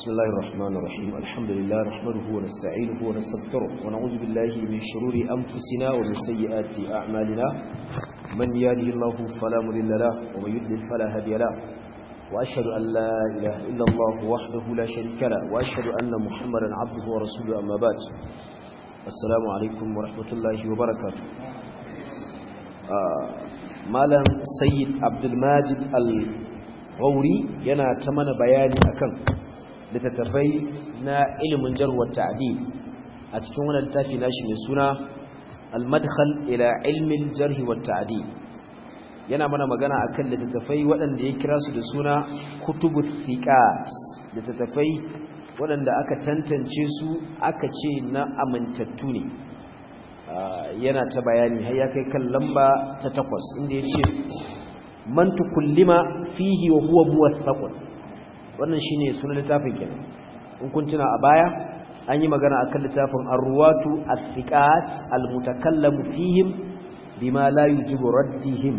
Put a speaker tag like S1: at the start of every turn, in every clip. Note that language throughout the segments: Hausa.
S1: بسم الله الرحمن الرحيم الحمد لله نحمده ونستعينه ونستغفره ونعوذ بالله من شرور أنفسنا ومن سيئات أعمالنا من يهده الله فلا مضل له ومن يضلل فلا هادي له وأشهد أن لا إله إلا الله وحده لا شريك له وأشهد أن محمدا عبده ورسوله أما بعد السلام عليكم ورحمة الله وبركاته آه مالا سيد عبد الماجد الغوري ينا ta بياني bayani littattafai na ilimin jarwar ta'adil a cikin wani littafi nashi mai suna al ila ilmin jarhi wa ta'adil yana mana magana a kan littattafai waɗanda ya kira su da suna kutubut thiqat littattafai waɗanda aka tantance su aka ce na amintattu ne yana ta bayani har ya kai kan lamba ta takwas inda ya ce man tukullima fihi wa huwa buwa thaqul wannan shine sunan littafin kenan in kun tuna a baya an yi magana akan littafin arwatu as-siqat fihim bima la yujibu raddihim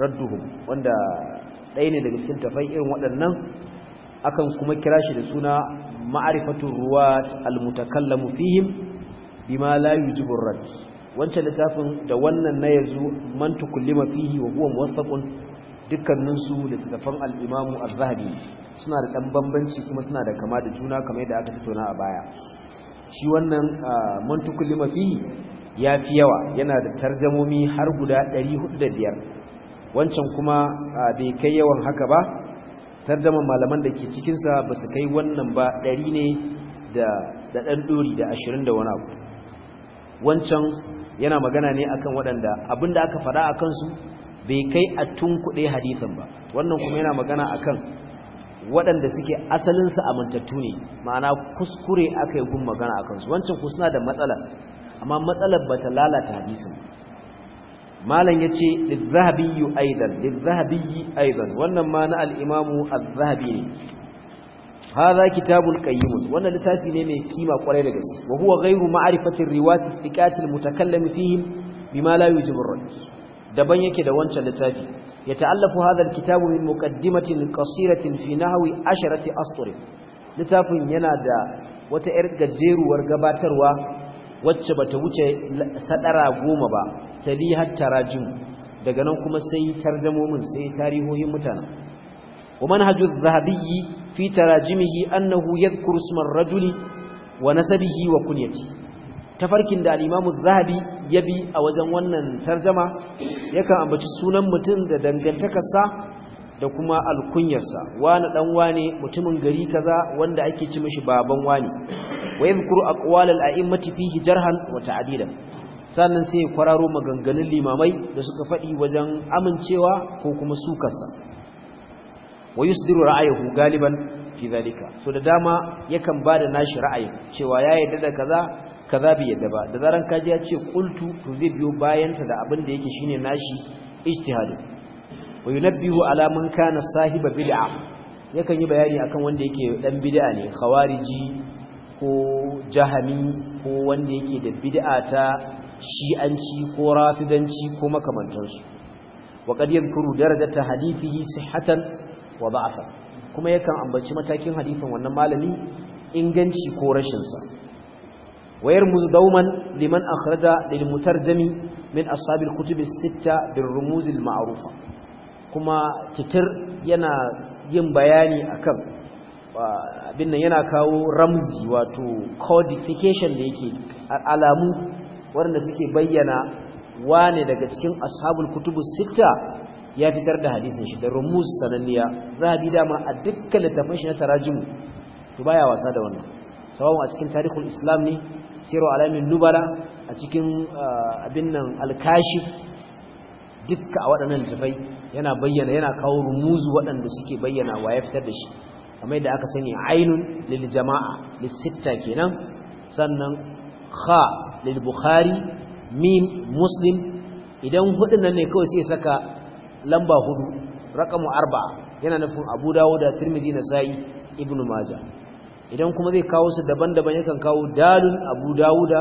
S1: radduhum wanda ɗaya ne daga cikin tafai irin waɗannan akan kuma kira shi da suna ma'arifatun ruwa almutakallamu fihim bima la yujibu radd wancan littafin da wannan na yanzu man tukullima fihi wa huwa muwaffaqun dukkaninsu littattafan al'imamu a zahari suna da ɗan bambanci kuma suna da kama da juna kamar da aka tattauna a baya shi wannan ah, mantukul limafi ya fi yawa yana da tarjamomi har guda 405 wancan kuma ah, bai kai yawan haka ba tarjaman malaman da ke cikinsa ba su kai wannan ba 100 ne da ɗan ɗori da 20 da wani abu wancan yana magana ne akan waɗanda abinda aka faɗa a kansu bai kai a kuɗe hadisin ba wannan kuma yana magana a kan waɗanda suke asalinsu amintattu ne ma'ana kuskure aka yi gun magana a kansu. wancan ku suna da matsala amma matsalar ba ta lalata hadisin malam ce lizzahabiyu aidan lizahabi aidan wannan ma na al-imamu zahabi ne هذا كتاب القيم Wannan littafi ne mai kima kwarai daga gaske Wahuwa gairu ghayru ma'rifati ta thiqat al-mutakallim fihim bima la yujibu daban yake da wancan littafi ya ta'allafu hadha alkitabu min muqaddimatin qasiratin fi nahwi asharati astur littafin yana da wata yar gajeruwar gabatarwa wacce bata wuce sadara goma ba talihat tarajim daga nan kuma sai tarjamomin sai tarihohin mutanen wa manhaju adh yi fi tarajimihi annahu yadhkuru isma ar-rajuli wa nasabihi wa kunyatihi tafarkin da al'imamu zahabi ya bi a wajen wannan tarjama yakan ambaci sunan mutum da dangantakarsa da kuma alkunyarsa wani ɗan wane mutumin gari kaza wanda ake ci mashi baban wani wa yi zukuru a ƙwalar a'immati fihi jarhan wata adidan sannan sai ya kwararo maganganun limamai da suka faɗi wajen amincewa ko kuma sukarsa wa yusdiru ra'ayahu galiban fi zalika so da dama yakan ba da nashi ra'ayi cewa ya yarda da kaza kaza bi yadda ba da zaran kaji ya ce qultu to zai biyo bayanta da abin da yake shine nashi ijtihadu wa yunabbihu ala man kana sahiba bid'a yakan yi bayani akan wanda yake dan bid'a ne khawariji ko jahami ko wanda yake da bid'a ta shi'anci ko rafidanci ko makamantansu wa qad yankuru darajata hadithihi sihhatan wa da'afan kuma yakan ambaci matakin hadisin wannan malami inganci ko rashin sa Wayar mu ويرمز دوما لمن أخرج للمترجم من أصحاب الكتب الستة بالرموز ma'arufa, kuma تتر yana yin bayani akan abin yana kawo ramzi wato codification da yake alamu waɗanda suke bayyana wane daga cikin ashabul kutubi sitta ya fitar da hadisin shi da rumus sananniya zahabi dama a dukkan littafin shi na tarajimu to baya wasa da wannan sawawan a cikin tarihul islam ne siru alamin nubala a cikin abin nan alkashif dukka a waɗannan littafai yana bayyana yana kawo rumuzu waɗanda suke bayyana wa ya fitar da shi kamar yadda aka sani ainun lil jama'a lil sitta kenan sannan kha lil bukhari mim muslim idan hudun nan ne kawai sai saka lamba hudu rakamu arba yana nufin abu dawo da tirmidhi nasai ibnu majah idan kuma zai kawo su daban-daban yakan kawo dalun abu dawuda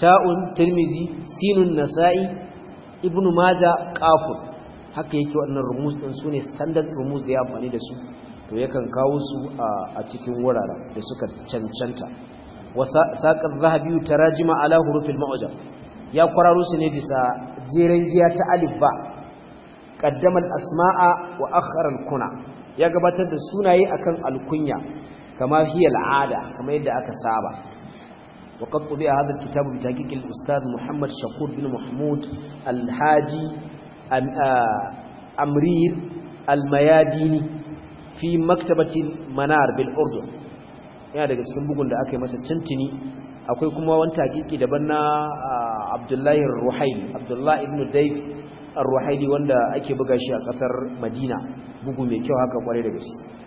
S1: ta'un tirmizi sinun nasa'i ibnu maja kafur haka yake wannan rumus din su ne standard rumus da ya amfani da su to yakan kawo su a cikin wurare da suka cancanta saqan zahabi tarajima ala hurufil mu'jam ya kwararo su ne bisa jeren giya ta alif ba qaddama asma'a wa akhara al kuna ya gabatar da sunaye akan al kunya kama hiya al'ada kama yadda aka saba wa qad tubi'a hadha al-kitab bi tahqiq Muhammad Shakur bin Mahmud alhaji haji Amrir al fi maktabati Manar bil Urdun yana daga cikin bugu da aka yi masa tintini akwai kuma wani tahqiqi daban na Abdullahi Ruhaili Abdullahi ibn Dayf ar wanda ake buga shi a kasar Madina bugu mai kyau haka kware da gaske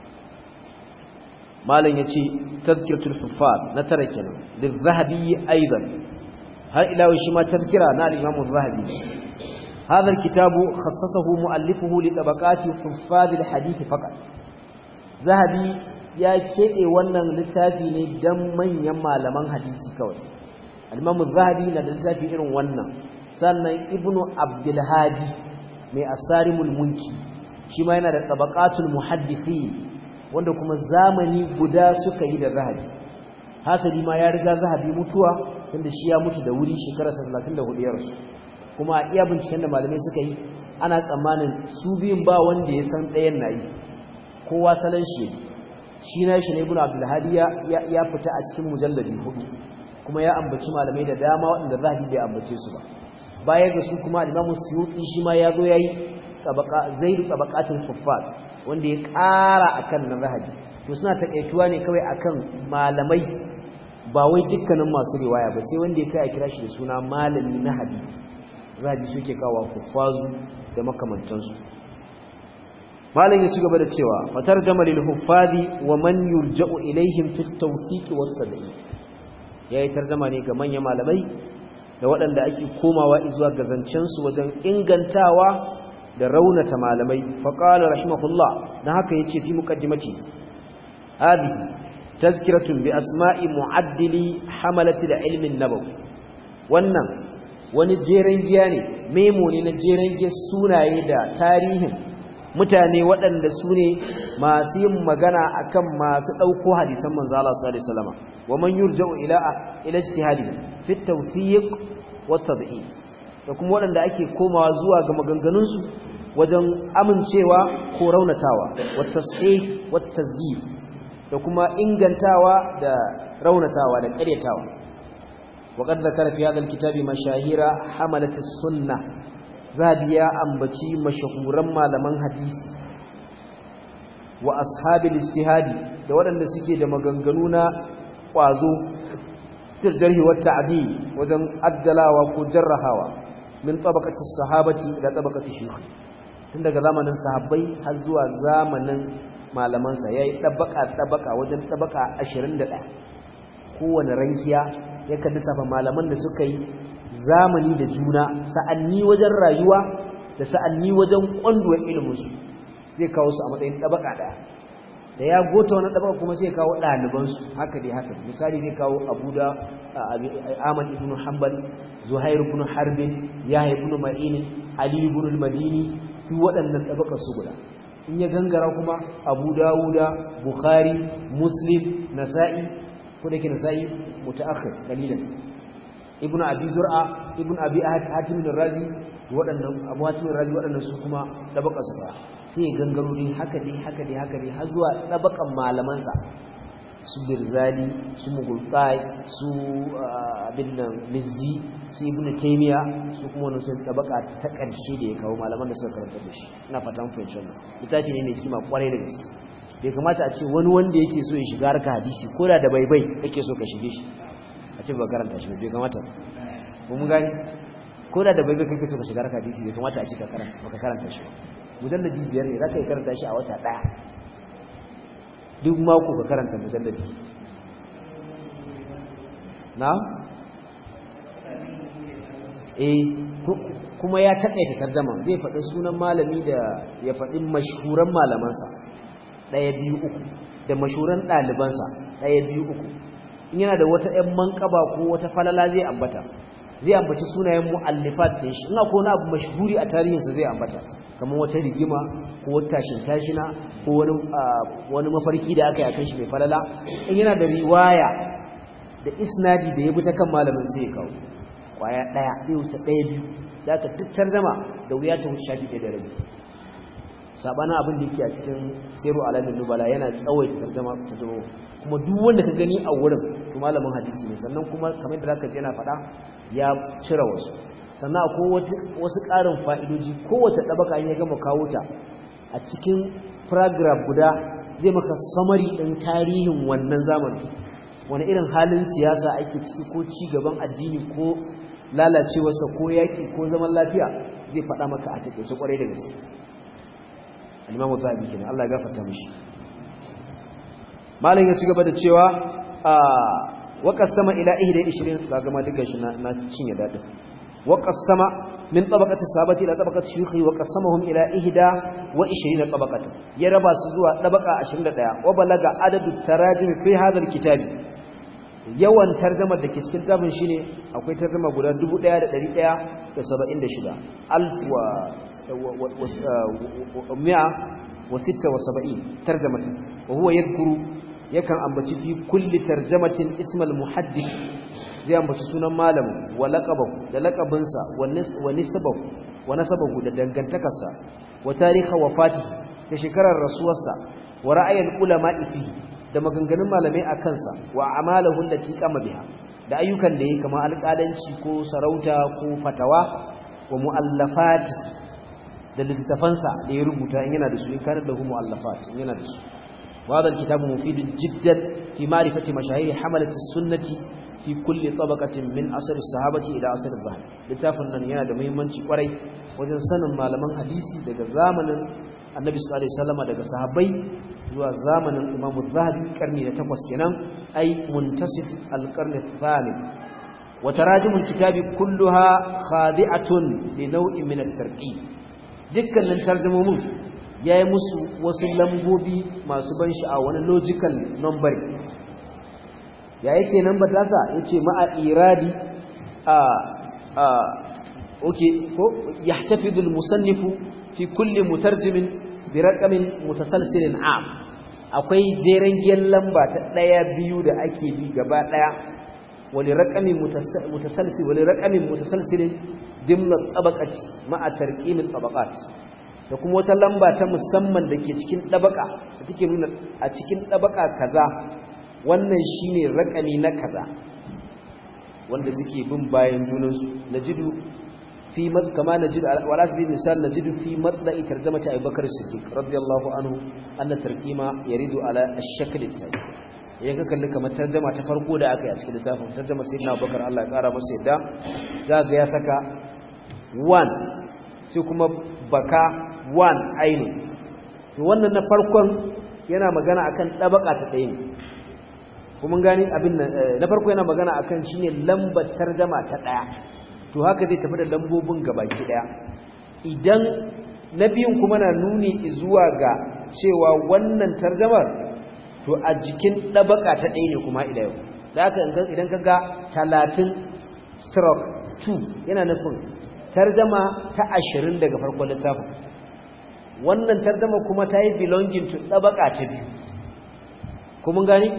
S1: malam yace tazkiratul huffaz na tara kenan lil zahabi aidan har ila shi ma tazkira na al-imam az-zahabi هذا الكتاب خصصه مؤلفه لطبقات حفاظ الحديث فقط Zahabi ya keɓe wannan littafi ne don manyan malaman hadisi kawai alimamu zahabi na da littafi irin wannan sannan ibnu abdulhadi mai asarimul mulmunki, shi ma yana da tabaqatul muhaddisi wanda kuma zamani guda suka yi da zahabi hasali ma ya riga zahabi mutuwa tunda shi ya mutu da wuri shekararsa 34 ya kuma iya binciken da malamai suka yi ana tsammanin su biyun ba wanda ya san ɗayan na yi kowa salon shi shi na shi ne ibn abdulhadi ya fita a cikin mujallabi hudu kuma ya ambaci malamai da dama waɗanda zahabi bai ambace su ba baya ga su kuma al-imamu suyuti shi ma ya zo yayi tabaka zaidu tabaqatul wanda ya ƙara akan na zahabi to suna takaituwa ne kawai akan malamai ba wai dukkanin masu riwaya ba sai wanda ya kai a kira shi da suna malami na za a bi su ke kawo kufazu da makamantansu malam ya ci gaba da cewa matar jamalil huffazi wa man yurja'u ilaihim fi da wa ya yayi tarjama ne ga manyan malamai da waɗanda ake komawa izuwa ga zancen su wajen ingantawa da raunata malamai faqala rahimahullah na haka ce fi mukaddimaci hadi tazkiratun bi asma'i mu'addili hamalati da ilmin nabawi wannan wani jeren giya ne Memoni ne na jeren giya sunaye da tarihin mutane waɗanda su ne masu yin magana akan masu ɗauko hadisan Manzala Allah sallallahu wa man yurja'u ila ila ijtihadi fi at wa da kuma waɗanda ake komawa zuwa ga maganganunsu wajen amincewa ko raunatawa wata tsaye wata da kuma ingantawa da raunatawa da ƙaryatawa waƙar da karfi hadal kitabi mashahira hamalata sunna zabi ya ambaci mashahuran malaman hadisi wa ashabi istihadi da waɗanda suke da maganganu na ƙwazo sirjarhi wata abi wajen addalawa ko jarrahawa min tabaqati sahabati ila tabaqati shiru. tun daga zamanin sahabbai har zuwa zamanin malaman sa yayi tabaka tabaka wajen tabaka 21 kowane rankiya ya kaddi lissafa malaman da suka yi zamani da juna sa'anni wajen rayuwa da sa'anni wajen kwanduwar ilimin su zai kawo su a matsayin tabaka daya da ya gota wani ɗabaka kuma sai kawo ɗalibansu haka dai haka misali zai kawo da aman ibn hanbal zuhair ibn harbin yahya ibn ma'in ali ibn madini fi waɗannan ɗabakar su guda in ya gangara kuma abu dawuda bukhari muslim nasa'i ko da ke nasa'i mutaakhir dalilan ibn abi zur'a ibn abi hatim ar-razi waɗannan abuwatun rabi waɗannan su kuma ɗabaƙa su ba sai gangaro haka ne haka ne haka ne har zuwa ɗabaƙan malamansa su birzali su mugulfai su ah, abin nan mizzi su ibn taimiya su kuma wani sun ɗabaƙa ta ƙarshe da ya kawo malaman da suka karanta da shi ina fatan fahimci wannan littafi ne mai kima kwarai da gaske bai kamata a ce wani wanda yake so ya shiga harka hadisi ko da da bai baibai kake so ka shige shi a ce ba karanta shi bai kamata ba mun gani ko da da baibai kake so ka shiga raka hadisi bai kamata a ce karanta baka karanta shi mujalladi biyar ne zaka yi karanta shi a wata daya duk mako ka karanta mujalladi na eh kuma ya takaita tarjama zai faɗi sunan malami da ya faɗi mashhuran malamansa ɗaya biyu uku da mashhuran ɗalibansa ɗaya biyu uku in yana da wata ƴan manƙaba ko wata falala zai ambata zai ambaci sunayen mu'allifat din shi ina ko na abu mashhuri a sa zai ambata kamar wata rigima ko wata tashin tashina ko wani wani mafarki da aka yi akan shi mai falala in yana da riwaya da isnadi da ya bi ta kan malamin sai ya kawo kwaya daya bai wuce daya biyu da aka tattar dama da wuya ta wuce shafi da rabi sabanin abin da yake a cikin siru alamin nubala yana da tarjama ta kuma duk wanda ka gani a wurin to malamin hadisi ne sannan kuma kamar da zaka ji yana faɗa ya cire wasu sannan ko wasu ƙarin fa'idoji kowace ɗabaka ya gama kawo ta a cikin paragraf guda zai maka samari ɗin tarihin wannan zamani wani irin halin siyasa ake ciki ko ci gaban addini ko lalacewarsa ko yaƙi ko zaman lafiya zai faɗa maka a taƙaice ƙwarai da gaske alimamu abin kenan allah ya gafarta mishi malam ya ci gaba da cewa ah, waka sama ila ihda ishirin ga gama dukkan shi na cinye dadi waka sama min tabaqati sabati ila tabaqati shuyukhi waka samahum ila ihda wa ishirin tabaqati ya raba su zuwa tabaqa 21 wa balaga adadu tarajim fi hadha alkitab yawan tarjumar da ke cikin tabin shine akwai tarjuma guda 1176 alwa wa 176 tarjumatin wa huwa yadhkuru yakan ambaci fi kulli tarjamatin ismal muhaddith zai ambaci sunan malamu wa laqabahu da sa wa nisbahu wa nasabahu da dangantakarsa wa tarihi wafatihi da shekarar rasuwarsa wa ra'ayin ulama fihi da maganganun malamai a kansa wa amalahu allati kama biha da ayyukan da yake kamar alƙalanci ko sarauta ko fatawa wa mu'allafati da littafansa da ya rubuta in yana da su in kana da mu'allafati in yana da su وهذا الكتاب مفيد جدا في معرفة مشاهير حملة السنة في كل طبقة من أثر الصحابة إلى أثر الظهر لتافن أن ينادى مهمنش قري وزن سنة ما لمن حديثي دقى زامن النبي صلى الله عليه وسلم دقى صحابي هو زامن الإمام الظهر كرني لتقوس كنام أي منتصف القرن الثالث وتراجم الكتاب كلها خاضعة لنوع من التركيب دكا لن ترجمه منه ya yi musu wasu lambobi masu ban sha'a wani logical number ya yi ke number tasa ya ce ma'a iradi a a oke ko ya dul musannifu fi kulle mutarjimin bi rakamin mutasalsilin a akwai jeren giyan lamba ta ɗaya biyu da ake bi gaba ɗaya wani rakamin mutasalsirin dimna tsabakati ma'a tarƙimin tsabakati da kuma wata lamba ta musamman da ke cikin ɗabaka da take nuna a cikin ɗabaka kaza wannan shine rakami na kaza wanda suke bin bayan junansu najidu fi mad kama najidu wala sabi misal najidu fi matla'i ta abubakar siddiq radiyallahu anhu anna tarqima yaridu ala ash-shakl at idan ka kalli kamar tarjama ta farko da aka yi a cikin littafin tarjama sayyidina abubakar Allah ya kara masa yadda za ga ya saka 1 sai kuma baka wan aini. to wannan na farkon yana magana akan dabaka ta ɗaya ne kuma gani abin eh, na farko yana magana akan shine lambar tarjuma ta ɗaya to haka zai tafi da lambobin gabaki ɗaya idan na biyun kuma na nuni zuwa ga cewa wannan tarjumar to a jikin dabaka ta ɗaya ne kuma ila yau haka idan ka ga talatin stroke 2 yana nufin tarjuma ta ashirin daga farkon littafin wannan tarjama kuma ta yi belonging to ɗabaƙa ta biyu kuma gani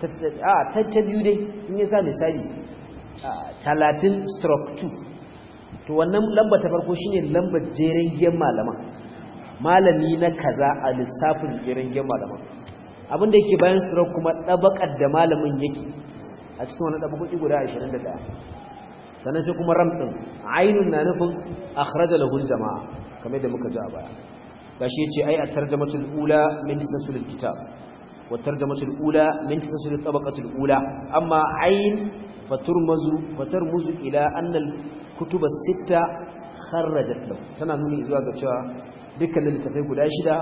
S1: a ta biyu dai in yi sa misali talatin stroke 2 to wannan lamba ta farko shine lambar jeren giyan malama malami na kaza a lissafin jeren giyan malama abinda yake bayan stroke kuma ɗabaƙar da malamin yake a cikin wani ɗabakoki guda 21 sannan sai kuma rams ainihin na nufin da lahul jama'a kamar da muka ji a baya gashi yace ai at-tarjamatul ula min tasalsul kitab wa tarjamatul ula min tasalsul tabaqatul ula amma ayn faturmazu fatarmuzu ila anna al-kutuba sitta kharrajat lahu tana nuni zuwa ga cewa dukkan littafai guda shida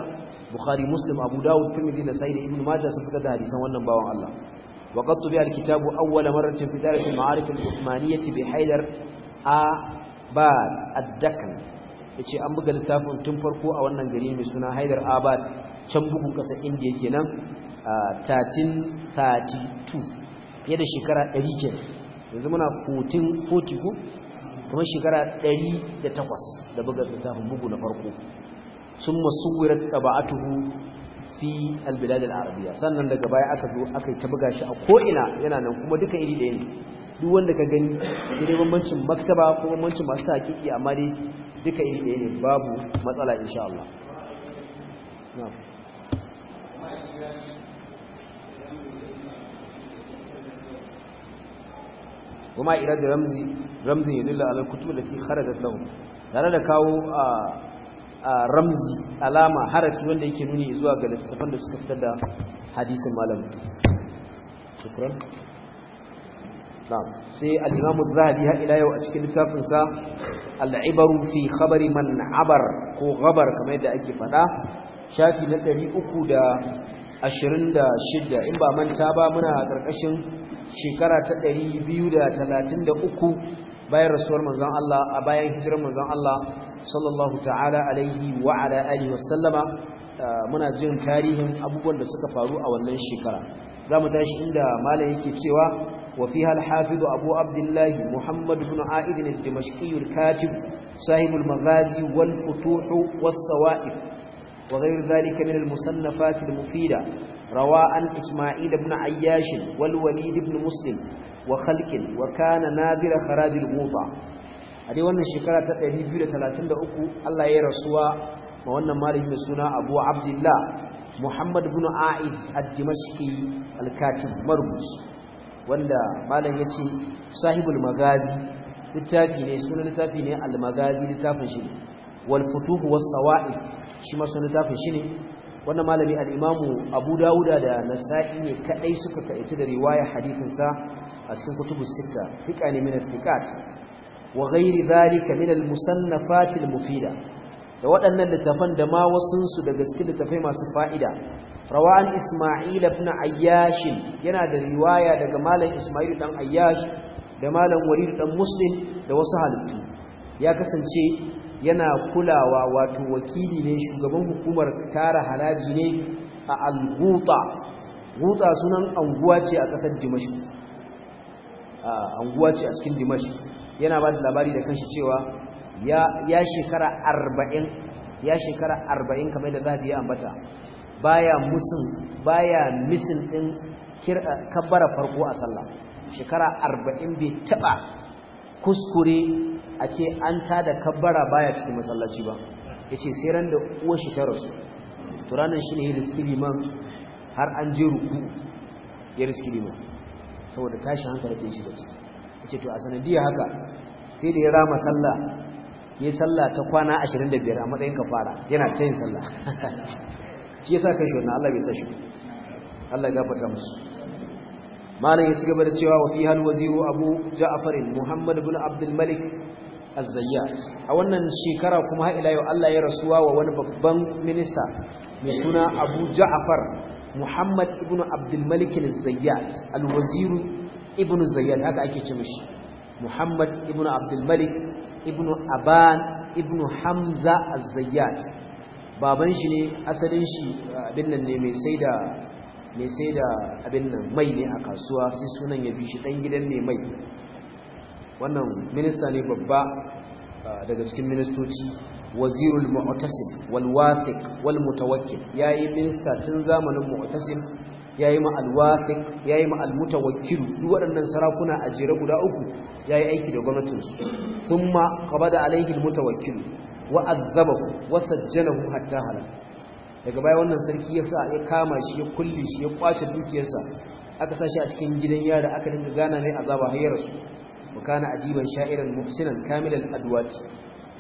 S1: bukhari muslim abu dawud tirmidhi da sa'id ibn majah sun fitar da hadisan wannan bawan Allah wa qad tubi'a al-kitabu awwal marratin fi darajat al-ma'arif al-uthmaniyah bi haydar a ba ad-dakn ce an buga littafin tun farko a wannan gari mai suna Haidar Abad can bugun kasa India nan a 1332 fiye da shekara 100 kenan yanzu muna 1440 ko kamar shekara 108 da buga littafin bugu na farko sun masuwirar tuhu fi albiladin arabiya sannan daga baya aka zo aka ta buga shi a ko'ina yana nan kuma duka iri ɗaya ne duk wanda ka gani sai dai bambancin maktaba ko bambancin masu haƙiƙi amma dai duka iri ɗaya ne babu matsala insha Allah kuma da ramzi ramzin yadullu ala kutu kutub lati kharajat lahu tare da kawo a ramzi alama harafi wanda yake nuni zuwa ga littafan da suka fitar da hadisun malam shukran sai al-imamu zahabi ha ila yau a cikin littafinsa al-ibaru fi khabari man abar ko gabar kamar yadda ake faɗa shafi na 326 in ba manta ba muna karkashin shekara ta 233 bayan rasuwar manzon Allah a bayan hijirar manzon Allah sallallahu ta'ala alaihi wa ala alihi sallama uh, muna jin tarihin abubuwan da suka faru a wannan shekara za mu tashi inda malam yake cewa وفيها الحافظ أبو عبد الله محمد بن عائد الدمشقي الكاتب صاحب المغازي والفتوح والصوائف وغير ذلك من المصنفات المفيدة روى عن إسماعيل بن عياش والوليد بن مسلم وخلق وكان نادر خراج الموطع هذه وانا الشكرة تقريبية 33 الله يرسوى وانا مالي من سنة أبو عبد الله محمد بن عائد الدمشقي الكاتب مرمز wanda malam ya ce sahibul magazi littafi ne sunan littafi ne al-magazi littafin shi ne wal futuhu was sawa'id shi ma sunan littafin shi ne wannan malami al-imamu abu dauda da nasa'i ne kadai suka kaici da riwaya hadithin sa a cikin kutubus sita fiqa ne min al-fiqat wa ghairi dhalika min al-musannafat al-mufida da waɗannan littafan da ma wasunsu daga cikin littafai masu fa'ida rawan isma'il ibn ayyash yana da riwaya daga malam isma'il dan ayyash da malam walid dan muslim da wasu halittu ya kasance yana kulawa wato wakili ne shugaban hukumar tara halaji ne a al-ghuta ghuta sunan anguwa ce a kasar dimashq anguwa ce a cikin dimashq yana ba da labari da kanshi cewa ya shekara arba'in ya shekara arba'in kamar da zabi ya ambata baya musun baya misin din kabbara farko a sallah shekara 40 bai taba kuskure a ce an tada kabbara baya cikin masallaci ba yace sai ran da uwar shi ta rasu to ranan shine riski liman har an je ruku ya riski liman saboda tashi hankalin shi bace ciki yace to a sanadiyar haka sai da ya rama sallah yi sallah ta kwana 25 a matsayin ka fara, yana ta yin sallah shi yasa kai shi wannan Allah bai sa shi Allah ya gafarta musu malam ya cigaba da cewa wa fi hal waziru abu ja'far muhammad ibn abd al-malik az-zayyat a wannan shekara kuma har ila yau Allah ya rasuwa wa wani babban minista mai suna abu ja'far muhammad ibn abd al-malik az-zayyat al-wazir ibn zayyat haka ake ce mishi muhammad ibn abd al-malik ibn aban ibn hamza az-zayyat baban shi ne asalin shi abin nan ne mai sai da mai sai abin nan mai ne a kasuwa sai sunan ya bi shi dan gidan ne mai wannan minista ne babba daga cikin ministoci wazirul mu'tasim wal wathiq wal mutawakkil yayi minista tun zamanin mu'tasim yayi ma al wathiq yayi ma al mutawakkil duk waɗannan sarakuna a jere guda uku yayi aiki da gwamnatin su thumma qabada alaihi al mutawakkil wa azzabahu wa sajjalahu hatta hala? daga baya wannan sarki ya sa ya kama shi ya kulle shi ya kwace dukiyarsa aka sa a cikin gidan yara aka dinga gana mai azaba har ya rasu wa ajiban sha'iran muhsinan kamilan adwati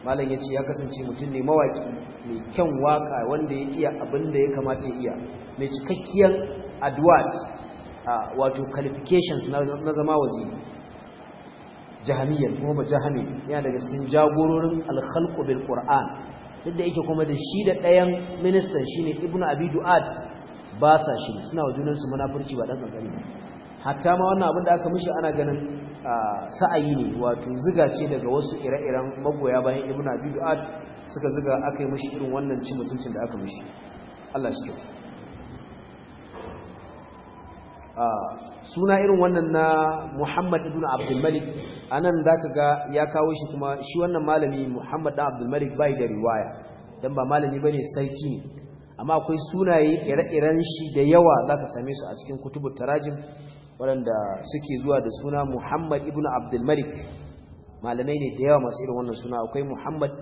S1: malam yace ya kasance mutum ne mawaki mai kyan waka wanda ya iya abin ya kamata ya iya mai cikakkiyar adwat wato qualifications na zama waziri jahamiyyar kuma ba jahami yana daga cikin jagororin alkhalqu bil qur'an duk yake kuma da shi da ɗayan ministan shine ibnu abi du'ad ba sa shi suna wa junansu munafurci ba dan kankani hatta ma wannan abin da aka mishi ana ganin sa'ayi ne wato ziga ce daga wasu ire-iren magoya bayan ibnu abi du'ad suka ziga aka yi mishi irin wannan cin mutuncin da aka mishi Allah shi kyau Ah, suna irin wannan na Muhammad ibn Abdul Malik anan zaka ga ya kawo shi kuma shi wannan malami Muhammad ibn Abdul Malik bai da riwaya dan ba malami ne sarki ne amma akwai sunaye ire-iren shi da yawa zaka same su a cikin kutubut tarajim waɗanda suke zuwa da suna Muhammad ibn Abdul Malik malamai ne da yawa masu irin wannan suna akwai Muhammad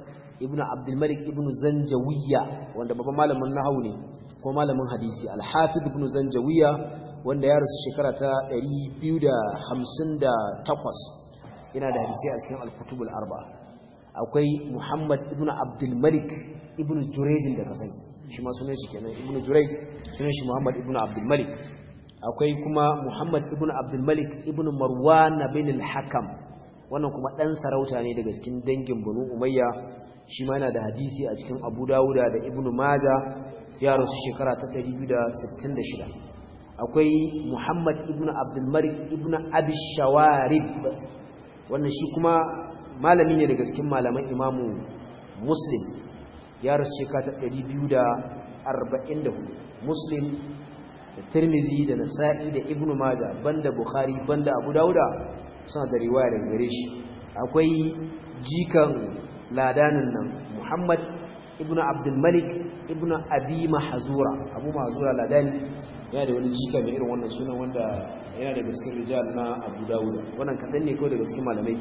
S1: ibn Abdul Malik ibn Zanjawiyya wanda babban malamin nahawu ne ko malamin hadisi Al-Hafiz ibn Zanjawiyya wanda ya rasu shekara ta 258 yana da hadisi a cikin al-kutubul arba akwai muhammad ibnu abdul malik ibnu jurayj da kasai shi ma sunan shi kenan ibnu jurayj sunan shi muhammad ibnu abdul malik akwai kuma muhammad ibnu abdul malik ibnu marwan bin al-hakam wannan kuma dan sarauta ne daga cikin dangin banu umayya shi ma yana da hadisi a cikin abu dawuda da ibnu maja ya rasu shekara ta 266 akwai muhammad ibn abdulmalik ibn abishawarib wannan shi kuma malami ne daga cikin malaman imamu muslim ya rasu shekata 244 muslim da tirmizi da nasa'i da ibn maza banda bukhari banda abu dauda suna da riwaya da gare shi akwai jikan ladanin nan muhammad ibn abdulmalik ibn abi mahzura abu mahzura ladani yana da wani jika mai irin wannan sunan wanda yana da gaskin rijal na abu dawuda wannan kaɗan ne kawai da gaskin malamai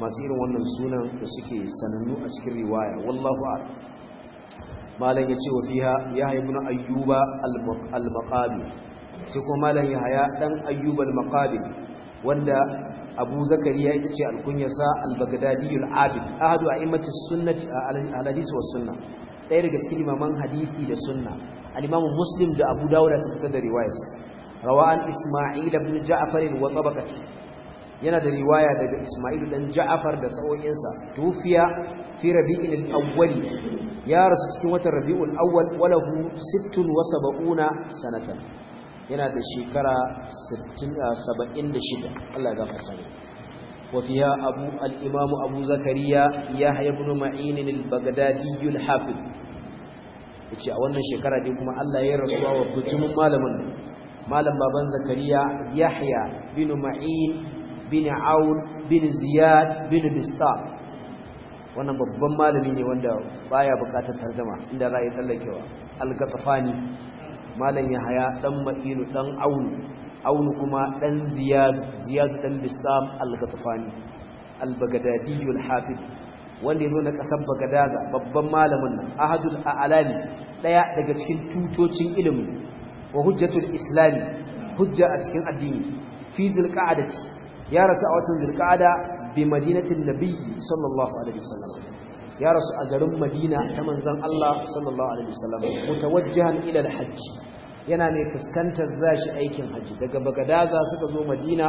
S1: masu irin wannan sunan da suke sanannu a cikin riwaya wallahu a malam ya ce wa fiha ya na ayyuba al-maqabi sai kuma malam ya haya ɗan ayyuba al-maqabi wanda abu Zakari ya ita ce alkunyarsa al-bagdadi al-abid ahadu a'immati sunnati a hadith wa sunna ɗaya daga cikin imaman hadisi da sunna al-imamu muslim da abu dawud sun fitar da riwayas rawan isma'il ibn ja'far wa tabaqati yana da riwaya daga isma'il dan ja'far da sa'o'insa tufiya fi rabi'in al-awwal ya rasu cikin watan rabi'ul awwal walahu 76 sanatan yana da shekara 76 Allah ya gafarta وفيها أبو الإمام أبو زكريا يحيى بن معين البغدادي الحافظ yace a wannan shekara dai kuma Allah ya rasuwa wa bujumin malamin malam baban zakariya yahya bin ma'in bin aun bin ziyad bin Bista, wannan babban malami ne wanda baya bukatar tarjuma inda za a yi tsallakewa al-gatafani malam yahya dan ma'inu dan aun aun kuma dan ziyad ziyad dan Bista, al-gatafani al-bagdadi al-hafiz wanda ya zo na ƙasar bagadaza babban malamin nan ahadul alami ɗaya daga cikin tutocin ilimi wa hujjatul islami hujja a cikin addini fi zulqa'adati ya rasu a watan zulqa'ada bi madinatin nabi sallallahu alaihi wasallam ya rasu a garin madina ta manzon Allah sallallahu alaihi wasallam mutawajjihan ila al yana mai fuskantar zashi aikin haji daga bagadaza suka zo madina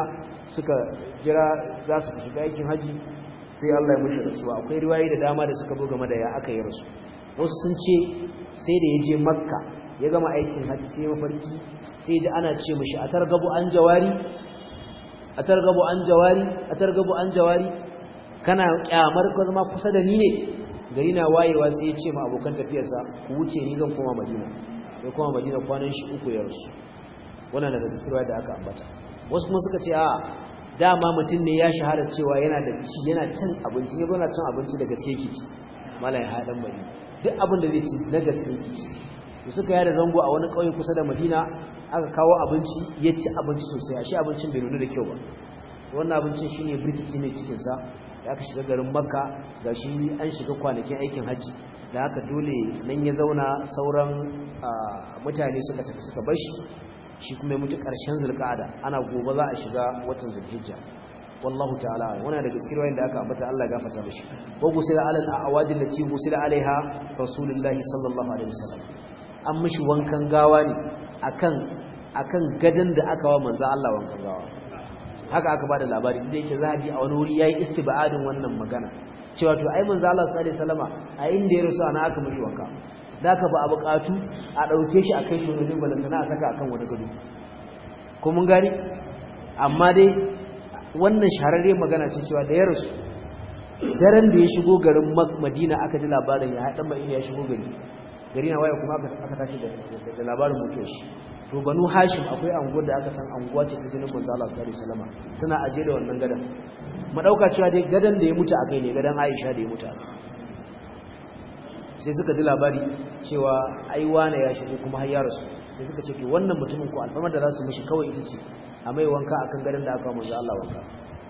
S1: suka jira za su shiga aikin haji sai Allah ya mushi rasuwa akwai riwayoyi da dama da suka zo game da ya aka yi rasu wasu sun ce sai da ya je makka ya gama aikin hajji sai mafarki sai ji ana ce mushi a targabu an jawari a targabu an jawari a targabu an jawari kana kyamar ka zama kusa da ni ne gari na wayewa sai ya ce ma abokan tafiyarsa ku wuce ni zan koma madina ya koma madina kwanan shi uku ya rasu wannan da tsirwa da aka ambata wasu kuma suka ce a dama mutum ne ya shahara cewa yana da ci yana cin abinci ya na cin abinci da gaske kici ci duk abin da zai ci na gaske kici suka yada zango a wani ƙauye kusa da madina aka kawo abinci ya ci abinci sosai a shi abincin bai nuna da kyau ba wannan abincin shi ne birkici ne cikinsa da aka shiga garin makka ga shi an shiga kwanakin aikin hajji da aka dole nan ya zauna sauran ah, mutane suka tafi suka bashi shi kuma ya mutu ƙarshen zulƙada ana gobe za a shiga watan zulhijja wallahu ta'ala wannan daga cikin wayin da aka ambata Allah gafarta mishi wa gusila alal awadi lati gusila alaiha rasulullahi sallallahu alaihi wasallam an mishi wankan gawa ne akan akan gadan da aka wa manzo Allah wankan gawa haka aka bada labari da yake zahabi a wani wuri yayi istibadin wannan magana cewa to ai manzo Allah sallallahu alaihi wasallama a inda ya rusa ana aka mishi wanka da ka ba a buƙatu a ɗauke shi a kai shi wajen balantana a saka a kan wani gado ko mun amma dai wannan shahararre magana ce cewa da ya rasu daren da ya shigo garin madina aka ji labarin ya haɗa mai ya shigo gari gari na waya kuma aka tashi da labarin muke shi to banu hashim akwai anguwar da aka san anguwa ce ta jinin gonzalo a sallallahu Salama. suna ajiye da wannan gadan mu dauka cewa dai gadan da ya mutu akai ne gadan Aisha da ya mutu kai sai suka ji labari cewa ai wane ya shigo kuma har ya rasu sai suka ce ki wannan mutumin ko alfarmar da za su mishi kawai ita ce a mai wanka akan garin da aka manzo Allah wanka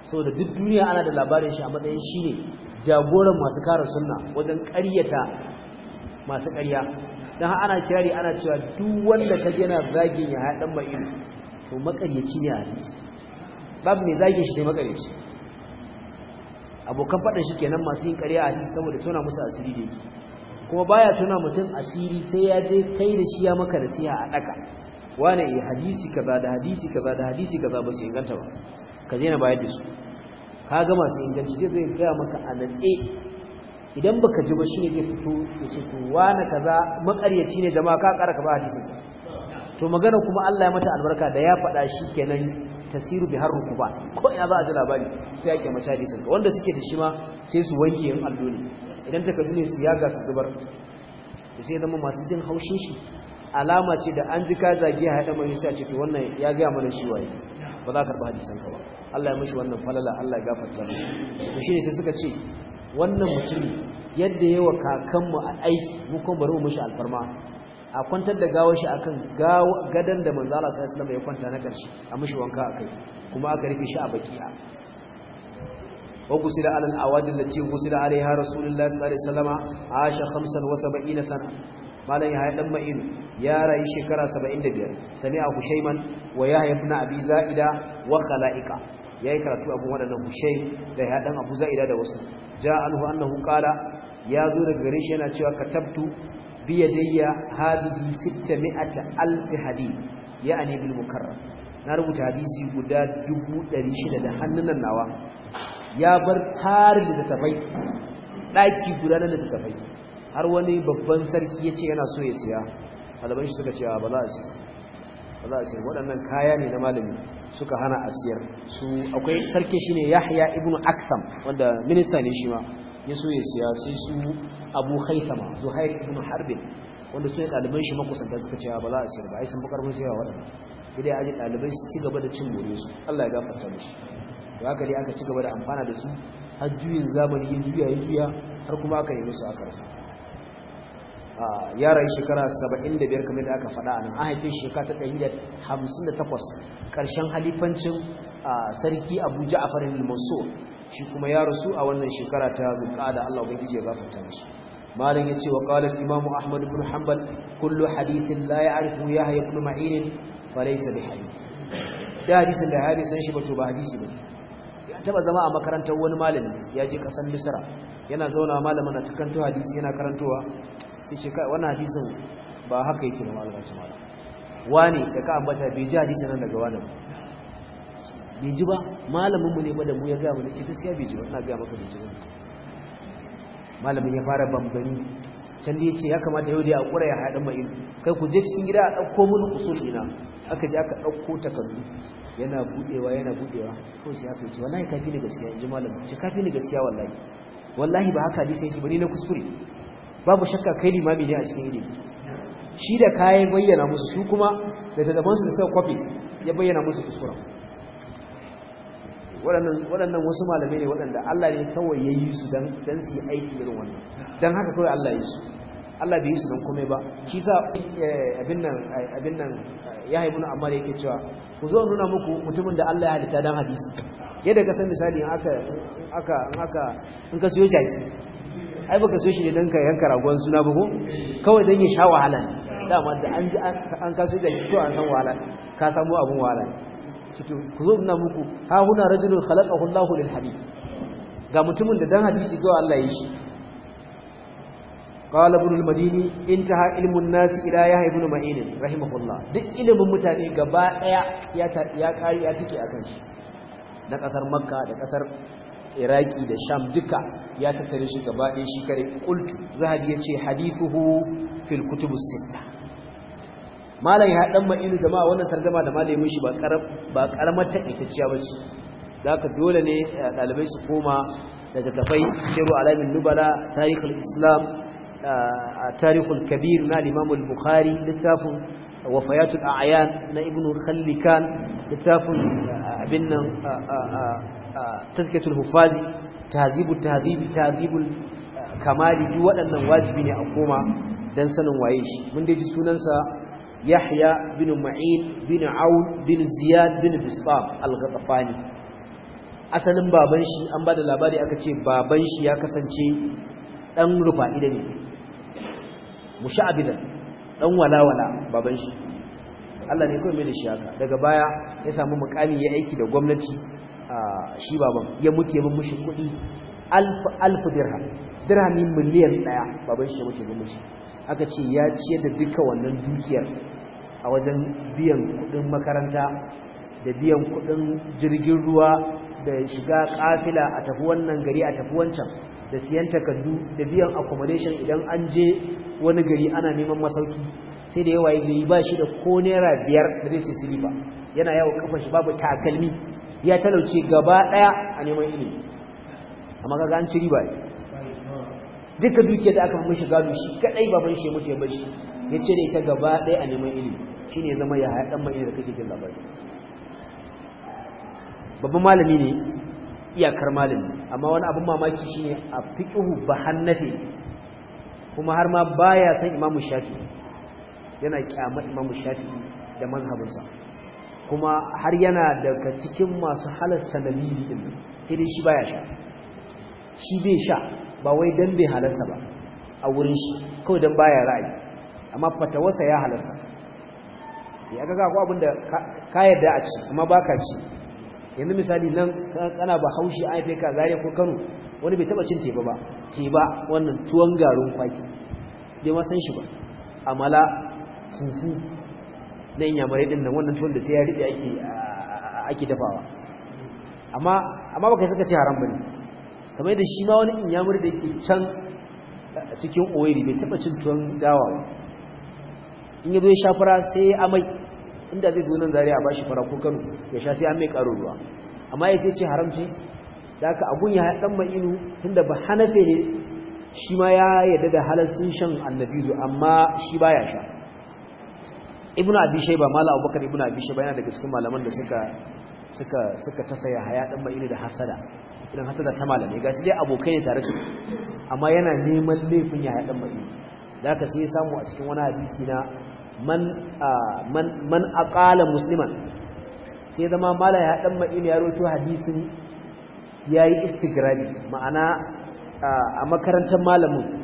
S1: saboda duk duniya ana da labarin shi a matsayin shi ne jagoran masu kare sunna wajen ƙaryata masu ƙarya dan ana kirari ana cewa duk wanda ka gina zagin ya haɗan mai to makaryaci ne a hadisi babu mai zagin shi ne makaryaci abokan faɗin shi kenan masu yin ƙarya a hadisi saboda tona musu asiri da yake kuma baya tuna mutum asiri sai ya je kai da shi ya maka nasiha a daka wane yi eh, hadisi kaza da hadisi kaza da hadisi kaza ba su inganta ba ka je na bayar da su ka ga masu inganci zai zai gaya maka a natse idan baka ji ba shi ne zai fito ya ce to wane kaza makaryaci ne da ma ka kara ka ba hadisinsa to magana kuma Allah ya mata albarka da ya faɗa shi kenan tasiru bi harru kuba ko ya za a ji labari sai ya mace hadisin wanda suke da shi ma sai su wanke yin allo ne idan takardu ne su yaga su zubar da sai zama masu jin haushin shi alama ce da an ji ka zagiya haɗa mai nisa ce to wannan ya gaya mana shi waye ba za ka karɓi hadisan ka ba Allah ya mishi wannan falala Allah ya gafarta mu shi ne sai suka ce wannan mutum yadda yawa kakanmu a aiki mu kuma bari mu mishi alfarma a kwantar da gawar shi akan gadan da Manzala sallallahu ya kwanta na karshe a mishi wanka akai kuma aka rufe shi a baki'a وغسل على الأواد التي غسل عليها رسول الله صلى الله عليه وسلم عاش خمسا وسبعين سنة malam ya haɗan ya rayu shekara 75 sami a hushaiman wa ya haifi na abi za'ida wa khala'ika ya yi karatu a waɗannan hushai da ya haɗan abu za'ida da wasu ja anhu annahu qala ya zo daga gare shi yana cewa katabtu bi yadayya hadhihi 600 alf hadith na rubuta hadisi guda 600 da hannunan nawa ya bar tarin littattafai ɗaki guda na littattafai har wani babban sarki ya ce yana so ya siya ɗaliban shi suka ce ba za a siya ba za a siya waɗannan kaya ne na malami suka hana a siyar su akwai sarki shi shine yahya ibn Aksam wanda minista ne shi ma ya so ya siya sai su abu haithama zuhair ibn harbin wanda su ne ɗaliban shi makusanta suka ce ba za a siyar ba ai sun fi ƙarfin siyarwa waɗannan sai dai aji ɗalibai su ci gaba da cin gore su Allah ya gafarta musu da haka dai aka ci gaba da amfana da su har juyin zamani ya juya ya juya har kuma aka yi musu aka rasu ya yi shekara 75 kamar da aka faɗa a nan an haife shekara ta 158 ƙarshen halifancin sarki Abuja a farin limonso shi kuma ya rasu a wannan shekara ta da Allah ubangiji ya gafarta mishi malam yace wa qala imamu imam ahmad ibn hanbal kullu hadithin la ya'rifu yahya ibn ma'in falaysa bihadith da hadisin da hadisin shi ba to ba hadisi ba taba zama a makarantar wani malami ya je kasan misira yana zauna malamin na tukanto hadisi yana karantowa sai shi kai wannan hadisin ba haka yake ba albaci malam wani da ka ambata bai ji hadisin nan daga wani bai ji ba malamin mu ne ba da mu ya ga mu ce gaskiya bai ji ba ina ga maka bai ji malamin ya fara bambani can da yace ya kamata yau da ya kura ya haɗa mai kai ku je cikin gida a ɗauko mun usul ina aka je aka ɗauko takardu yana buɗewa yana buɗewa ko sai aka ce wallahi kafi ne gaskiya in ji malamin ce kafi ne gaskiya wallahi wallahi ba haka hadisi yake bari na kuskure babu shakka kai limami ne a cikin ilimi shi da kayan bayyana musu su kuma da su da suka kwafi ya bayyana musu kuskuren waɗannan wasu malamai ne waɗanda Allah ne kawai ya yi su don su yi aiki irin wannan don haka kawai Allah ya yi su Allah bai yi su don komai ba shi sa eh, abin nan abin nan ya haibu na amma yake cewa ku zo nuna muku mutumin da Allah ya halitta dan hadisi yadda ka san misali in aka aka aka in ka siyo jaki ai baka siyo shi ne don ka yanka ragon suna ba ko kawai don ya sha wahala dama da an ji an kaso jaki to an san wahala ka samu abun wahala cikin ku zo nuna muku ha huna rajulun khalaqahu Allahu lil hadith ga mutumin da dan hadisi kawai Allah ya yi shi قال ابن المديني انتهى علم الناس الى يحيى بن معين رحمه الله duk ilimin mutane gaba daya ya ya kare ya tike akan shi na kasar makka da kasar iraki da sham duka ya tattare shi gaba daya shi kare qultu zahabi yace hadithuhu fil kutubus sitta malam ya dan ma'inu jama'a wannan tarjuma da malamin shi ba karam ba karamar takaitacciya bace zaka dole ne dalibai su koma daga tafai shiru alamin nubala tarihul islam A tarihul kabir na limamul bukhari littafin wafayatul a'yan na Ibn khallikan littafin abin nan tazkiyatul hufazi tahzibul tahzibi tahzibul kamali duk waɗannan wajibi ne a koma dan sanin waye shi mun dai ji sunansa Yahya bin Ma'in bin Aun bin Ziyad bin Bisbab al-Ghatafani asalin baban shi an da labari aka ce baban shi ya kasance dan rufa'i ne musha'abidan dan walawala baban shi Allah ne kawai mai da shi haka daga baya ya samu mukami ya aiki da gwamnati shi baban ya mutu ya bin mushi kudi alf dirham dirhami miliyan ɗaya baban shi ya mutu ya bin mushi aka ce ya ciyar da duka wannan dukiyar a wajen biyan kuɗin makaranta da biyan kuɗin jirgin ruwa da shiga kafila a tafi wannan gari a tafi wancan da siyan takardu da biyan accommodation idan an je wani gari ana neman masauki sai da yawa gari ba shi da ko naira biyar da zai sisili ba yana yawo kafar shi babu takalmi ya talauce gaba daya a neman ilimi amma kaga an ci riba duka dukiyar da aka fi mishi gado shi kadai baban shi mutu ya bashi ya ce da ita gaba daya a neman ilimi shine ya zama ya haɗa mai da kake jin labari babban malami ne iyakar malin amma wani abin mamaki shi ne a fiqhu ba hannafe kuma har ma ba ya san imamu shafi yana kyama imamu shafi da mazhabinsa kuma har yana daga cikin masu halasta nabili din sai dai shi ba ya sha shi bai sha ba wai don bai halasta ba a wurin shi kawai dan ya ra'ayi amma fatawarsa ya halasta ya ga ko abin da ka yarda a ci amma ba ka ci yanzu misali nan kana ba haushi a haife ka zare ko kano wani bai taba cin teba ba teba wannan tuwon garin kwaki bai ma san shi ba amala fufu na yamare din nan wannan tuwon da sai ya rike ake ake dafawa amma amma baka saka ce haram bane kamar yadda shi ma wani inyamurai da yake can cikin oyiri bai taba cin tuwon dawa ba in yazo ya shafara sai amai inda zai zo nan zariya ba bashi fara ko kano ya sha sai an mai karo ruwa amma ya sai ce haramci da aka abun ya dan ma'inu tunda ba hanafe ne shi ma ya yadda da halassun shan annabizu amma shi baya sha ibnu abi shayba mala abubakar ibnu abi shayba yana daga cikin malaman da suka suka suka tasaya haya dan ma'inu da hasada idan hasada ta malamai gashi dai abokai ne tare su amma yana neman laifin ya dan ma'inu da aka sai samu a cikin wani hadisi na man aqala musliman sai zama mala ya dan ma'in ya roto hadisin yayi istigrari ma'ana a makarantar malamin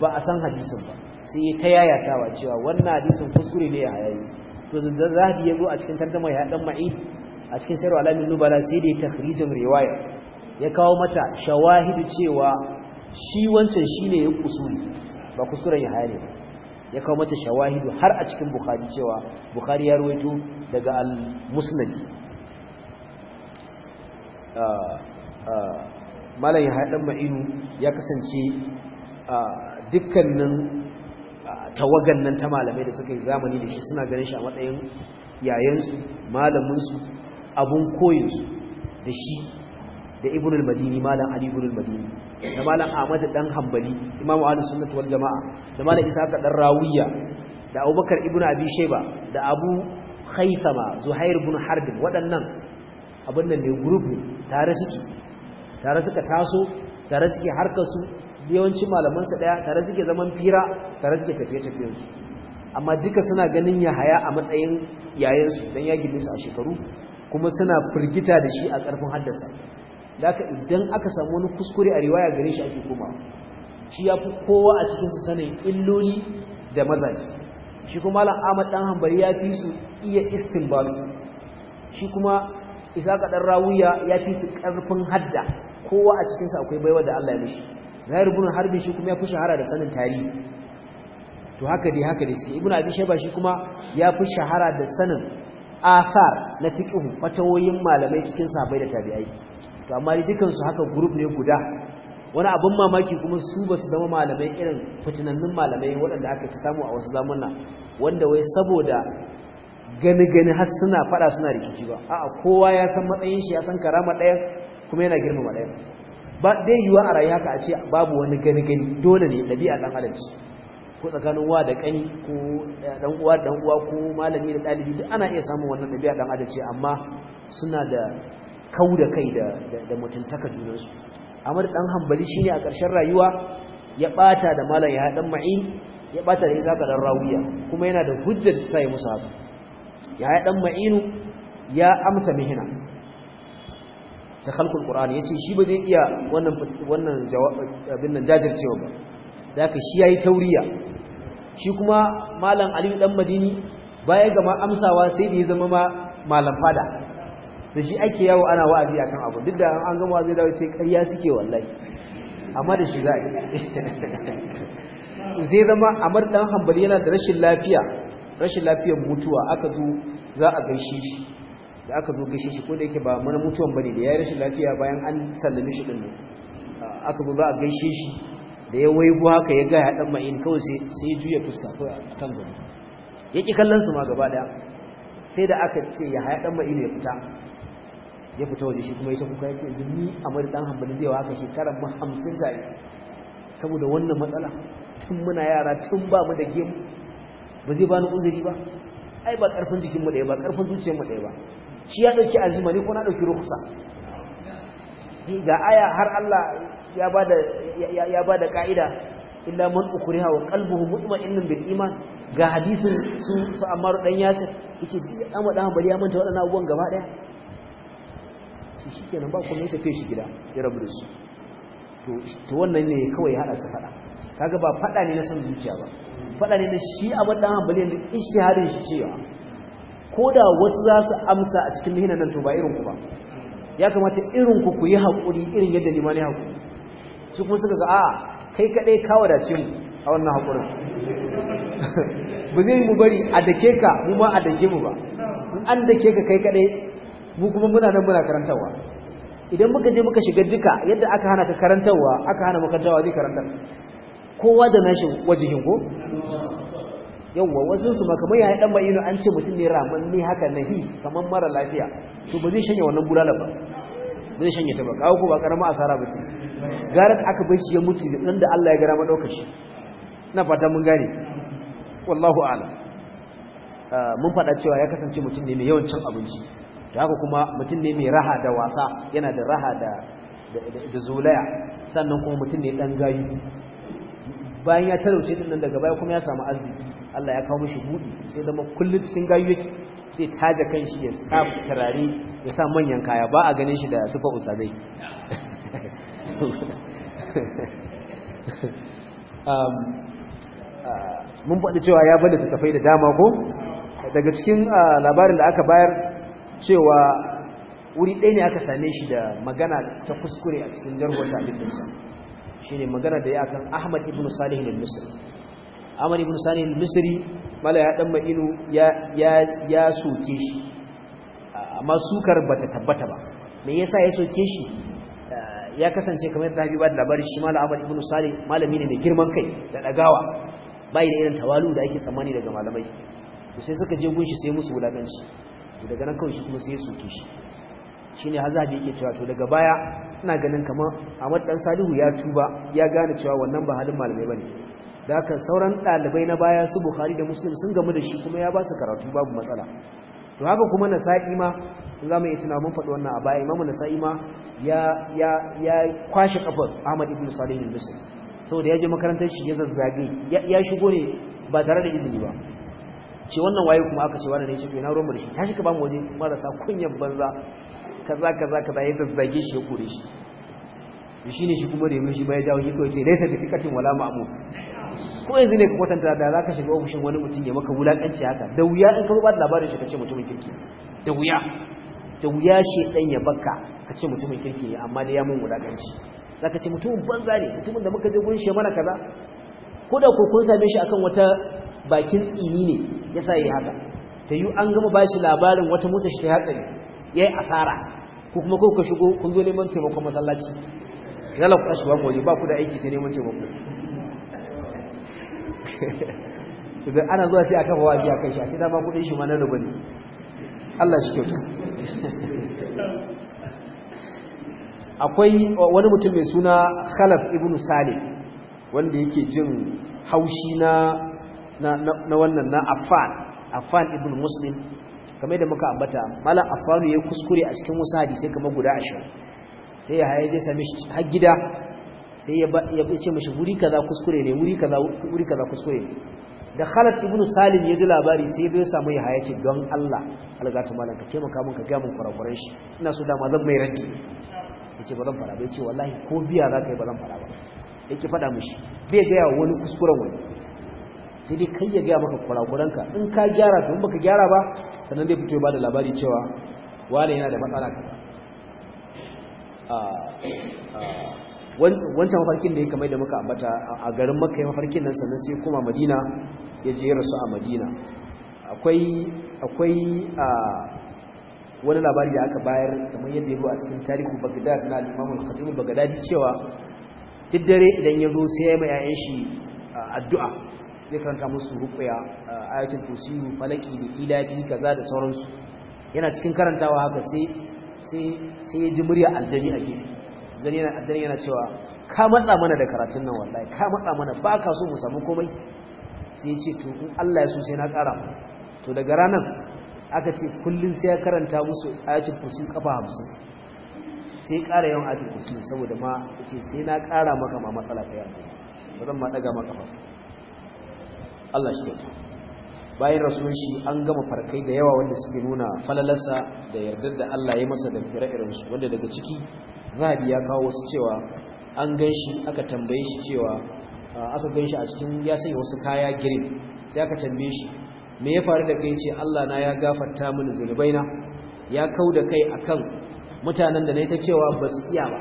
S1: ba a san hadisin ba sai ta yayatawa cewa wannan hadisin kuskure ne ya hayayi to zahabi ya zo a cikin tantama ya dan ma'in a cikin sayar alamin nubala sai da ya takhrijin riwaya ya kawo mata shawahidu cewa shi wancan shine ya kusuri ba kuskuren ya hayayi ba ya kawo mata shawahidu har a cikin bukhari cewa bukhari ya ruwaito daga al-musnad ah, ah, malam ya haɗin ma'inu ya kasance ah, dukkanin tawagan nan ta malamai da suka yi zamani da shi suna ganin shi a matsayin yayansu malaminsu abun koyinsu da shi da ibn al-madini malam ali ibn al-madini da malam ahmad dan hanbali Imam ahlus sunnah wal jamaa da malam isa ka dan rawiya da abubakar Ibn abi shayba da abu khaythama zuhair ibn harb waɗannan abin nan ne group tare suke tare suka taso tare suke harkar su yawancin malaman su daya tare suke zaman fira tare suke tafiye tafiye su amma duka suna ganin yahaya a matsayin yayansu dan ya girme su a shekaru kuma suna firgita da shi a ƙarfin haddasa da idan aka samu wani kuskure a riwaya gare shi ake koma shi ya fi kowa a cikinsu sanin illoli da mazaji shi kuma malam ahmad dan hanbari ya fi su iya istinbal shi kuma ka dan rawiya ya fi su karfin hadda kowa a cikinsu akwai baiwa da Allah ya mishi zahir ibn harbi shi kuma ya fi shahara da sanin tarihi to haka dai haka dai sai ibn abi shayba shi kuma ya fi shahara da sanin athar na fiqh fatawoyin malamai cikin sahabbai da tabi'ai to amma dukan su haka group ne guda wani abun mamaki kuma su ba su zama malamai irin fitinannun malamai waɗanda aka ci samu a wasu zamuna wanda wai saboda gani gani har suna fada suna rikici ba a'a kowa ya san matsayin shi ya san karama ɗaya kuma yana girmama ɗaya, ba dai yiwa a rayuwa haka a ce babu wani gani gani dole ne ɗabi'a ɗan adam ko tsakanin wa da kani ko dan eh, uwa dan uwa ko malami da ɗalibi duk ana iya samun wannan ɗabi'a ɗan adam amma suna da kau da kai da mutuntaka junansu amur dan hambali ne a ƙarshen rayuwa ya bata da malam ya dan ma'in ya bata da izaka dan rawiya kuma yana da hujjar sai musu haka ya dan ma'inu ya amsa mihina ta khalqul qur'an yace shi ba zai iya wannan wannan nan jajircewa ba ka shi yayi tauriya shi kuma malam Aliyu ɗan madini baya ga ma amsawa sai da ya zama ma malam fada da shi ake yawo ana wa'azi akan abu duk da an gama wa'azi da wace ƙarya suke wallahi amma da shi za a zai zama a martan hambali yana da rashin lafiya rashin lafiyar mutuwa aka zo za a gaishe shi da aka zo gaishe shi ko da yake ba mana mutuwan bane da yi rashin lafiya bayan an sallame shi din aka zo za a gaishe shi da ya waigo haka ya gaya dan ma'in kawai sai sai juya fuska kawai a kan gari ƙi kallon su ma gaba daya sai da aka ce ya haya dan ma'in ya fita ya fita waje shi kuma ya ta kuka ya ce ni a mari dan hambali zai haka shekarar mu hamsin yi, saboda wannan matsala tun muna yara tun ba mu da gemu ba zai bani uzuri ba ai ba karfin jikinmu da ɗaya ba karfin zuciyarmu mu ɗaya ba shi ya ɗauki azima ne ko na ɗauki rukusa ga aya har Allah ya ba ya bada ka'ida illa man ukuriha wa qalbuhu mutma'innun bil iman ga hadisin su su Ammar dan Yasir yace duk amma dan bari ya manta waɗannan abubuwan gaba ɗaya shi kenan ba kuma yake tafi shi gida ya rabu da su to wannan ne kawai ya su fada. kaga ba faɗa ne na san zuciya ba faɗa ne na shi abin ɗan hanbaliyar ne ishtiharin shi cewa ko da wasu za su amsa a cikin mihinan nan to ba irin ku ba ya kamata irin ku ku yi haƙuri irin yadda ne haƙuri su kuma suka ga a kai kaɗai ka wadace mu a wannan hakurin ba zai mu bari a dake ka mu ma a dake mu ba an dake ka kai kaɗai mu kuma muna nan muna karantawa, idan muka je muka shiga duka yadda aka hana ka karantawa aka hana muka zai karantar kowa da nashi wajihin ko yawwa wasu su ma kamar yayin dan bayino an ce mutum ne ramin ne haka nahi kamar mara lafiya to ba zai shanye wannan bulala ba zai shanye ta ba kawo ko ba karama asara ba ce garat aka bar shi ya mutu dan da Allah ya gara ma daukar shi ina fata mun gane wallahu a'lam ah, mun faɗa cewa ya kasance mutum ne mai yawan cin abinci Da haka kuma mutum ne mai raha da wasa yana da raha da zolaya zulaya sannan kuma mutum ne dan gayu bayan ya talauce din nan daga baya kuma ya samu arziki Allah ya kawo mishi budi sai zama kullum cikin gayu yake sai taje kanshi ya sa turare ya sa manyan kaya ba a ganin shi da sufa usadai um, uh, mun faɗi cewa ya bada tafai da dama ko daga cikin uh, labarin da aka bayar cewa wuri ɗaya ne aka same shi da magana ta kuskure a cikin jarhuwar ta'adilinsa shi ne magana da ya kan ahmad ibn salih al-misri ahmad ibn salih al-misri mala ya ɗan ma'inu ya soke shi amma sukar ba ta tabbata ba me yasa ya soke shi ya kasance kamar yadda habiba da labarin shi mala ahmad ibn salih malami ne mai girman kai da ɗagawa bai da irin tawalu da ake tsammani daga malamai to sai suka je gunshi sai musu wulaƙanci to daga nan kawai shi kuma sai ya soke shi shine hazabi yake cewa to daga baya ina ganin kamar Ahmad dan Salihu ya tuba ya gane cewa wannan ba halin malamai bane da haka sauran dalibai na baya su Bukhari da Muslim sun gamu da shi kuma ya ba su karatu babu matsala to haka kuma Nasa'i ma za mu yi tuna mun faɗi wannan a baya Imam Nasa'i ma ya ya kwashe kafar Ahmad ibn Salih al-Misri saboda ya je makarantar shi ya zazzage ya shigo ne ba tare da izini ba ce wannan waye kuma aka ce wannan ne ce to ina ruwan shi ta shi ka ba mu waje marasa kunyan banza kaza kaza kaza ya zazzage shi ya kore shi shi ne shi kuma da yamin shi bai jawo shi kawai ce dai certificatin wala ma'amu ko yanzu ne ka kwatanta da za ka shiga ofishin wani mutum ya maka wulakanci haka da wuya in ka ba da labarin shi ka ce mutumin kirki da wuya da wuya shi dan ya baka ka ce mutumin kirki ne amma da ya mun wulakanci za ka ce mutumin banza ne mutumin da muka je gurin shi mana kaza ko da ko kun same shi akan wata bakin tsini ne yasa yi haka ta yi an gama bashi labarin wata mota shi ta hatsari yi asara ko kuma ko ka shigo kun zo neman taimako masallaci yalla ku tashi ba mu ba ku da aiki sai neman taimako idan ana zuwa sai aka bawa biya kai shi a sai dama kudin shi ma na rubani Allah shi kyauta akwai wani mutum mai suna Khalaf ibn Salim wanda yake jin haushi na na wannan na Affan Affan ibn Muslim kamar da muka ambata malam Affan ya kuskure a cikin wasu hadisi kamar guda 20 sai ya haye sai sami har gida sai ya ya ce mishi wuri kaza kuskure ne wuri kaza wuri kaza kuskure ne da Khalid ibn Salim ya ji labari sai ya samu ya haye ce don Allah algatu malam ka taimaka min ka ga mun kurakuren shi ina so da ma zan mai ya yace ba zan fara ba yace wallahi ko biya zaka yi ba zan fara ba yake fada mishi bai ga yawa wani kuskuren wani sai dai kai ya gaya maka kurakuranka in ka gyara to in baka gyara ba sannan zai fito ba da labari cewa wani yana da matsala ka ah, ah, wancan mafarkin da ya kamar da muka ambata a garin maka ya mafarkin nan sannan sai kuma madina ya je rasu a madina akwai ah, wani labari da aka bayar kamar yadda ya zo a cikin tarihu bagdad na alimamun khatibul bagdadi cewa duk dare idan ya zo sai ya yi ma 'ya'yan shi addu'a zai karanta musu ruqya ayatul kursiyu falaki da ilahi kaza da sauransu yana cikin karantawa haka sai sai sai ya ji murya aljami a gefe yana dan yana cewa ka matsa mana da karatun nan wallahi ka matsa mana ba ka so mu samu komai sai ya ce to in Allah ya so sai na ƙara to daga ranan aka ce kullun sai ya karanta musu ayatul kursiyu kafa 50 sai ƙara yawan ajin kusur saboda ma ce sai na ƙara maka ma matsala ta yanzu ba zan ma ɗaga maka ba Allah shi kyauta bayan rasuwan shi an gama farkai da yawa wanda suke nuna falalarsa da yardar da Allah ya masa da fira'irinsu wanda daga ciki zaɓi ya kawo wasu cewa an gan shi aka tambaye shi cewa aka gan shi a cikin ya sanya wasu kaya girin sai aka tambaye shi me ya faru da kai ce Allah na ya gafarta mini zunubaina ya kau da kai akan mutanen da na yi ta cewa ba su iya ba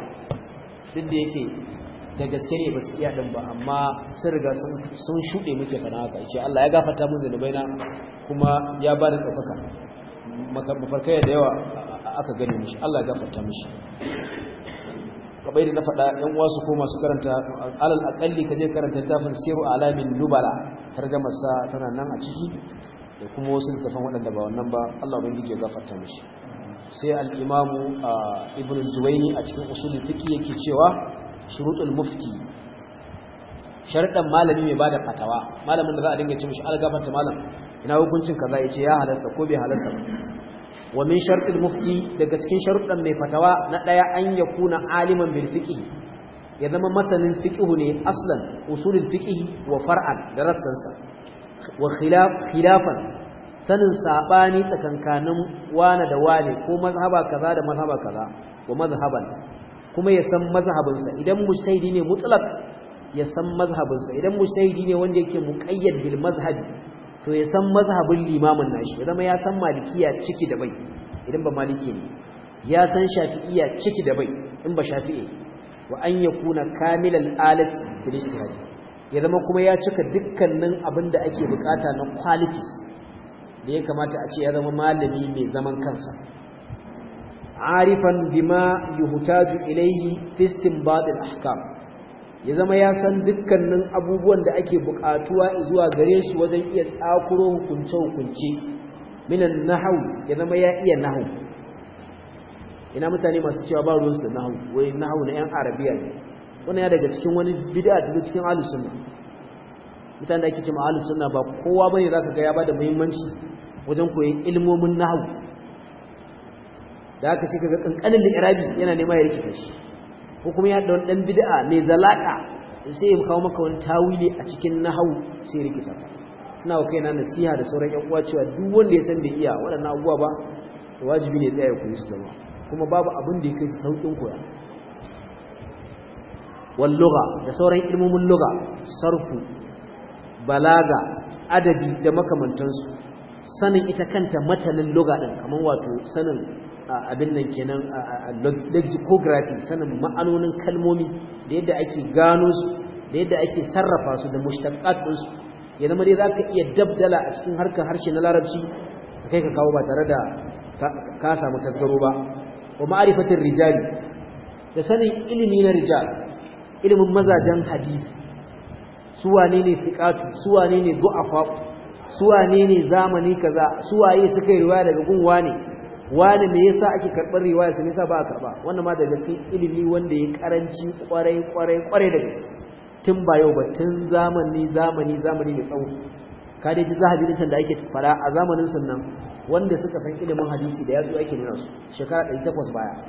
S1: duk da yake da gaske ne ba su iya ɗin ba amma sun riga sun shuɗe muke kana haka ce Allah ya gafata mun zunubai na kuma ya ba da ɗaukaka mafarkai da yawa aka gani mishi Allah ya gafata mishi kabai da na faɗa yan wasu ko masu karanta alal ka je karanta tafin siru alamin nubala tarjamar sa tana nan a ciki da kuma wasu littafan waɗanda ba wannan ba Allah ya ya gafata mishi sai al-imamu ah, ibn juwayni a cikin usulul fiqh yake cewa shuruɗul mufti sharɗan malami mai bada fatawa malamin da za a dinga ce mishi algafarta malam ina hukuncin kaza ya ce ya halasta ko bai halasta wa min sharɗin mufti daga cikin sharuɗan mai fatawa na ɗaya an ya aliman bil fiqi ya zama masanin fiqihu ne aslan usulul fiqi wa far'an da rassansa wa khilafan sanin sabani tsakankanin wane da wane ko mazhaba kaza da mazhaba kaza wa mazhaban kuma ya san mazhabinsa idan mujtahidi ne mutlaq ya san mazhabinsa idan mujtahidi ne wanda yake muqayyad bil mazhab to ya san mazhabin limamin nashi ya zama ya san malikiya ciki da bai idan ba maliki ne ya san shafi'iyya ciki da bai in ba shafi'i wa an yakuna kamilal alat fil ijtihad ya zama kuma ya cika dukkanin abinda da ake bukata na qualities da ya kamata a ce ya zama malami mai zaman kansa arifan bima yuhtaju ilayhi fi istinbat al-ahkam ya zama ya san dukkanin abubuwan da ake buƙatuwa zuwa gare su wajen iya tsakuro hukunce hukunce minan nahwu ya zama ya iya nahwu ina mutane masu cewa ba ruwansu da nahwu wai nahwu na yan arabiya ne wannan ya daga cikin wani bid'a daga cikin ahlus sunna mutane da ake cewa ahlus sunna ba kowa bane zaka ga ya bada muhimmanci wajen koyon ilmomin nahwu da haka shi kaga kankanin likirabi yana nema ya rikita shi ko kuma ya da wani bid'a mai zalaka sai ya kawo maka wani tawili a cikin nahawu sai rikita ka ina wa kaina nasiha da sauran yan uwa cewa duk wanda ya san bai iya waɗannan abubuwa ba wajibi ne tsaya ku yi su zama kuma babu abin da ya kai su saukin koya wal da sauran ilmomin loga sarfu balaga adadi da makamantansu sanin ita kanta matanin loga din kamar wato sanin abin nan kenan lexicography sanin ma'anonin kalmomi da yadda ake gano su da yadda ake sarrafa su da mushtaqat din su ya zama dai zaka iya dabdala a cikin harkar harshe na larabci ka kai ka kawo ba tare da ka samu tasgaro ba wa ma'rifatir rijali da sanin ilimi na rijal ilimin mazajen hadisi su wane ne fiqatu su wane ne du'afa su wane ne zamani kaza su waye suka yi riwaya daga gunwa ne wani me yasa ake karɓar riwaya su nisa ba a karɓa wannan ma da gaske ilimi wanda ya karanci kwarai kwarai kwarai da gaske tun ba yau ba tun zamani zamani zamani mai tsawo ka dai ji zahabi can da ake fara a zamanin sunnan wanda suka san ilimin hadisi da yatsu ake nuna su shekara 800 baya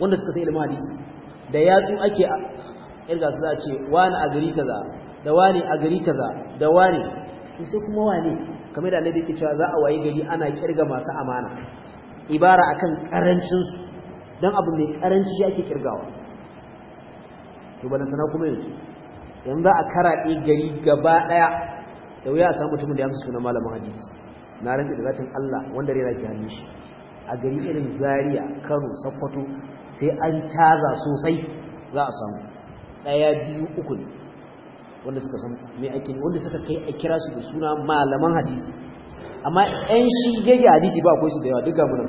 S1: wanda suka san ilimin hadisi da yatsu ake irga su za a ce wani a gari kaza da wani a gari kaza da wani sai kuma wani kamar da annabi yake cewa za a waye gari ana kirga masu amana ibara akan karancin su dan abu mai karanci ake kirgawa to sanar kuma yanzu yanzu a karaɗe gari gaba ɗaya da wuya a samu mutumin da ya sunan malamin hadisi na rantsi da zatin Allah wanda rera ke hannun shi a gari irin Zaria Kano Sokoto sai an caza sosai za a samu ɗaya biyu uku ne wanda suka san mai ake wanda suka kai a kira su da suna malaman hadisi amma ƴan shi gege hadisi ba akwai su da yawa duk ga muna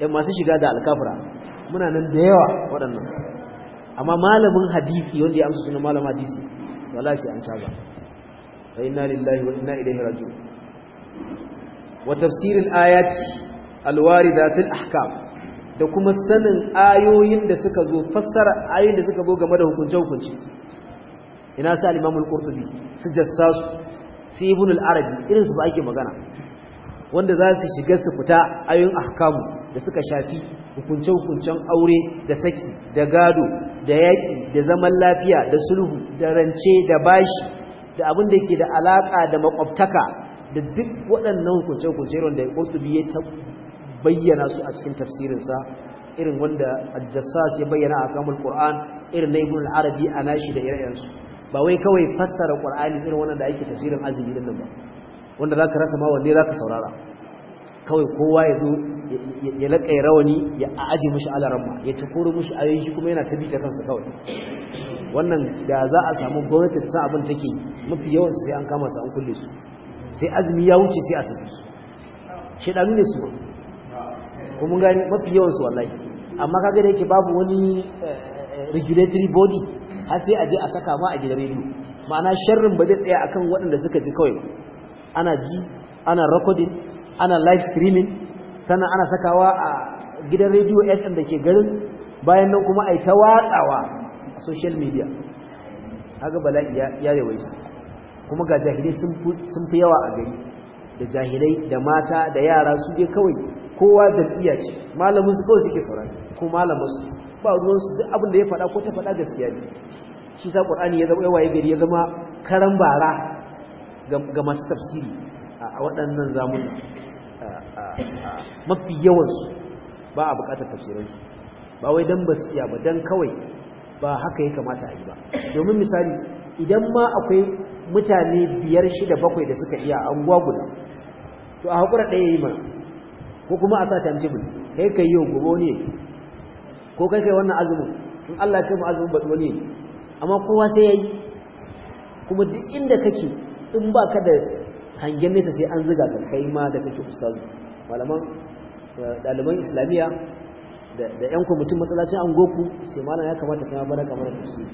S1: ƴan masu shiga da alkafura muna nan da yawa waɗannan amma malamin hadisi wanda ya amsa suna malam hadisi wala sai an caza fa inna lillahi wa inna ilaihi raji'un wa tafsir al-ayat al-warida ahkam da kuma sanin ayoyin da suka zo fassara ayoyin da suka zo game da hukunce hukunce ina sa al-imamul qurtubi su jassasu su ibn arabi irin su ba ake magana wanda za su shiga su fita ayoyin ahkamu da suka shafi hukunce hukuncen aure da saki da gado da yaƙi, da zaman lafiya da sulhu da rance da bashi da abin da ke da alaƙa da makwabtaka da duk waɗannan hukunce hukunce wanda qurtubi ya bayyana su a cikin tafsirinsa irin wanda al ya bayyana a kamul ƙuran irin na ibn al-arabi a nashi da ire-irensu ba wai kawai fassara qur'ani irin wannan da ake tafsirin azumi din nan ba wanda zaka rasa ma wanne zaka saurara kawai kowa ya zo ya ya rawani ya aji mushi ramma ya ci mushi ayoyi shi kuma yana ta kansa kawai wannan da za a samu gwamnati ta sa abin take mafi yawan sai an kama su an kulle su sai azumi ya wuce sai a saki su shedanu ne su kuma gani mafi yawan su wallahi amma kaga da yake babu wani eh, eh, eh, regulatory body har sai a je a saka ma a gidan rediyo ma'ana sharrin ba zai tsaya akan waɗanda suka ji kawai ana ji ana recording ana live streaming sannan ana sakawa a gidan rediyo FM da ke garin bayan nan kuma a yi ta watsawa a social media haka bala'i ya yawaita kuma ga jahilai sun fi yawa a gari da jahilai da mata da yara su je kawai kowa jam'iyya ce malamin su kawai suke saurari ko malamin su ba ruwansu duk abin da ya faɗa ko ta faɗa gaskiya ne shi sa ƙur'ani ya zama yawaye gari ya zama karan bara ga masu tafsiri a waɗannan zamuna mafi yawansu ba a buƙatar tafsiransu ba wai don basiya iya ba don kawai ba haka ya kamata a yi ba domin misali idan ma akwai mutane biyar shida bakwai da suka iya an guda to a haƙura ɗaya yi mana ko kuma a sa tamjibin kai kai yau gobe wani. ko kai kai wannan azumin in Allah ya kai mu azumin ba ne amma kowa sai yayi kuma duk inda kake in ba ka da hangen nesa sai an ziga ka kai ma da kake ustazu malaman daliban eh, islamiyya da yan kwamitin matsalacin an goku sai malam ya kamata kama bana kamar tafsiri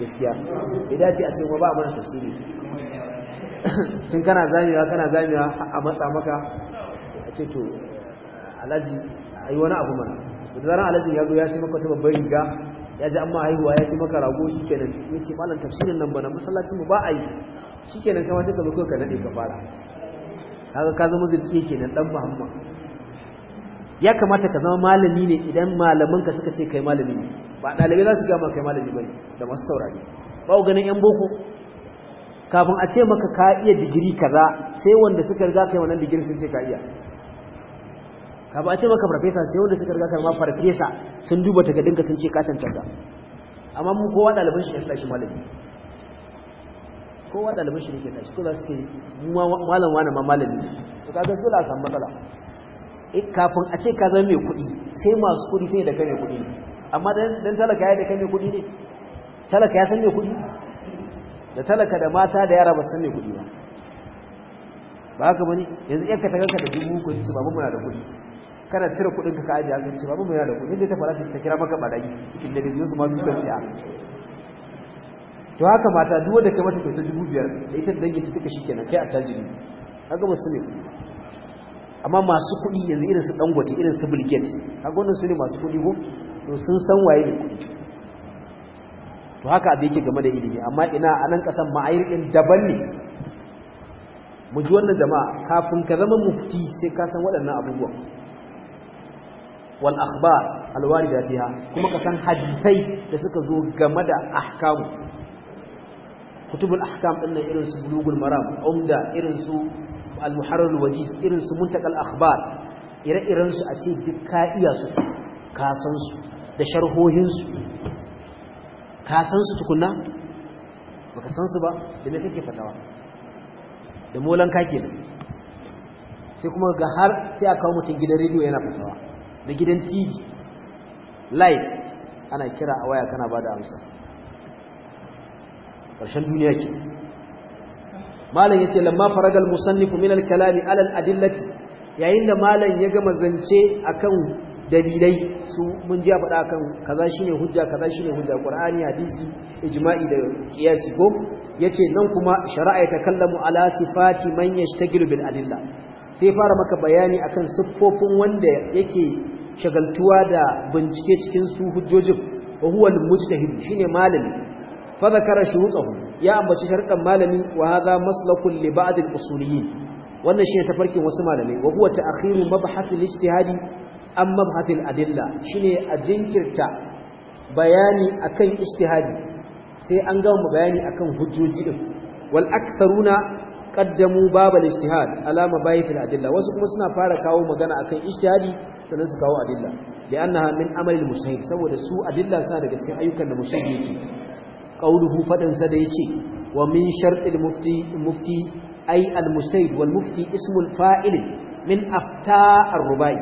S1: gaskiya ya dace a cikin ba a mana tafsiri tun kana zamiwa kana zamiwa a matsa maka a ce to alhaji a yi wani abu mana da zaran alazin ya zo ya sai maka ta babbar riga ya ji amma haihuwa ya sai maka rago shikenan ya ce malam tafsirin nan bana masallacin mu ba a yi shikenan kama sai ka zo ka nade ka fara kaga ka zama zirki kenan dan muhammad ya kamata ka zama malami ne idan malaman ka suka ce kai malami ne ba dalibai za su gama ma kai malami bane da masu saurari ba ganin yan boko kafin a ce maka ka iya digiri kaza sai wanda suka riga kai wannan digiri sun ce ka iya ka ba a ce maka farfesa sai wanda suka riga kama farfesa sun duba ta gadinka sun ce kasan cancanta amma mu kowa ɗaliban shi ne ta shi malami kowa ɗaliban shi ne ke tashi ko za su malam wani ma malami to ka gaske la samu matsala eh, kafin a ce ka zama mai kuɗi sai masu kuɗi sai da kai mai kuɗi amma dan talaka ya da kai mai kuɗi ne talaka ya san mai kuɗi da talaka da mata da yara ba su san mai kuɗi ba ba haka bane yanzu yanka ta ganka da dubu su ce mu muna da kuɗi kana cire kudin ka aje a ce babu mai yana da kuɗi inda ta fara ta kira maka barayi cikin dare yau su ma duk ya to haka mata duk wanda kai mata kai ta dubu biyar da ita dangi ta take shikenan kai a tajiri kaga musu ne amma masu kuɗi yanzu irin su dangote irin su bilget kaga wannan su ne masu kuɗi ko to sun san waye ne kuɗi to haka abin yake game da ilimi amma ina a nan ƙasan ma'ayir ɗin daban ne mu ji wannan jama'a kafin ka zama mufti sai ka san waɗannan abubuwan wal akhbar al warida kuma ka san hadisai da suka zo game da ahkamu kutubul ahkam din irin su bulugul maram umda irin su al muharrar al wajiz irin su muntakal akhbar ire-iren su a ce duk ka iya su ka san su da sharhohin su ka san su tukunna baka san su ba da me kake fatawa da molan ka kenan sai kuma ga har sai a kawo mutum gidan rediyo yana fatawa da gidan TV live ana kira a waya kana bada amsa ƙarshen duniya ke malam yace lamma faragal musannif min al-kalami ala al-adillati yayin da malam ya gama zance akan dalilai su mun ji a faɗa akan kaza shine hujja kaza shine hujja qur'ani hadisi ijma'i da qiyasi ko yace nan kuma shari'a ta kallamu ala sifati man yashtagilu bil adilla sai fara maka bayani akan siffofin wanda yake shagaltuwa da bincike cikin su hujjojin wa huwa al-mujtahid shine malami fa zakara shurutahu ya ambaci sharɗan malami wa hadha maslakun li ba'd al-usuliyyin wannan shine tafarkin wasu malamai wa huwa ta'khiru mabhath al-ijtihadi an mabhath al-adilla shine a jinkirta bayani akan ijtihadi sai an gama bayani akan hujjoji din wal aktharuna qaddamu babu ijtihad alama bayi fil adilla wasu kuma suna fara kawo magana akan ijtihadi sannan su kawo adilla da annaha min amalin musayyid saboda su adilla suna daga cikin ayyukan da musayyid yake qauluhu fadan da ya ce, wa min shartil mufti mufti ay al musayyid wal mufti ismul fa'il min afta ar rubai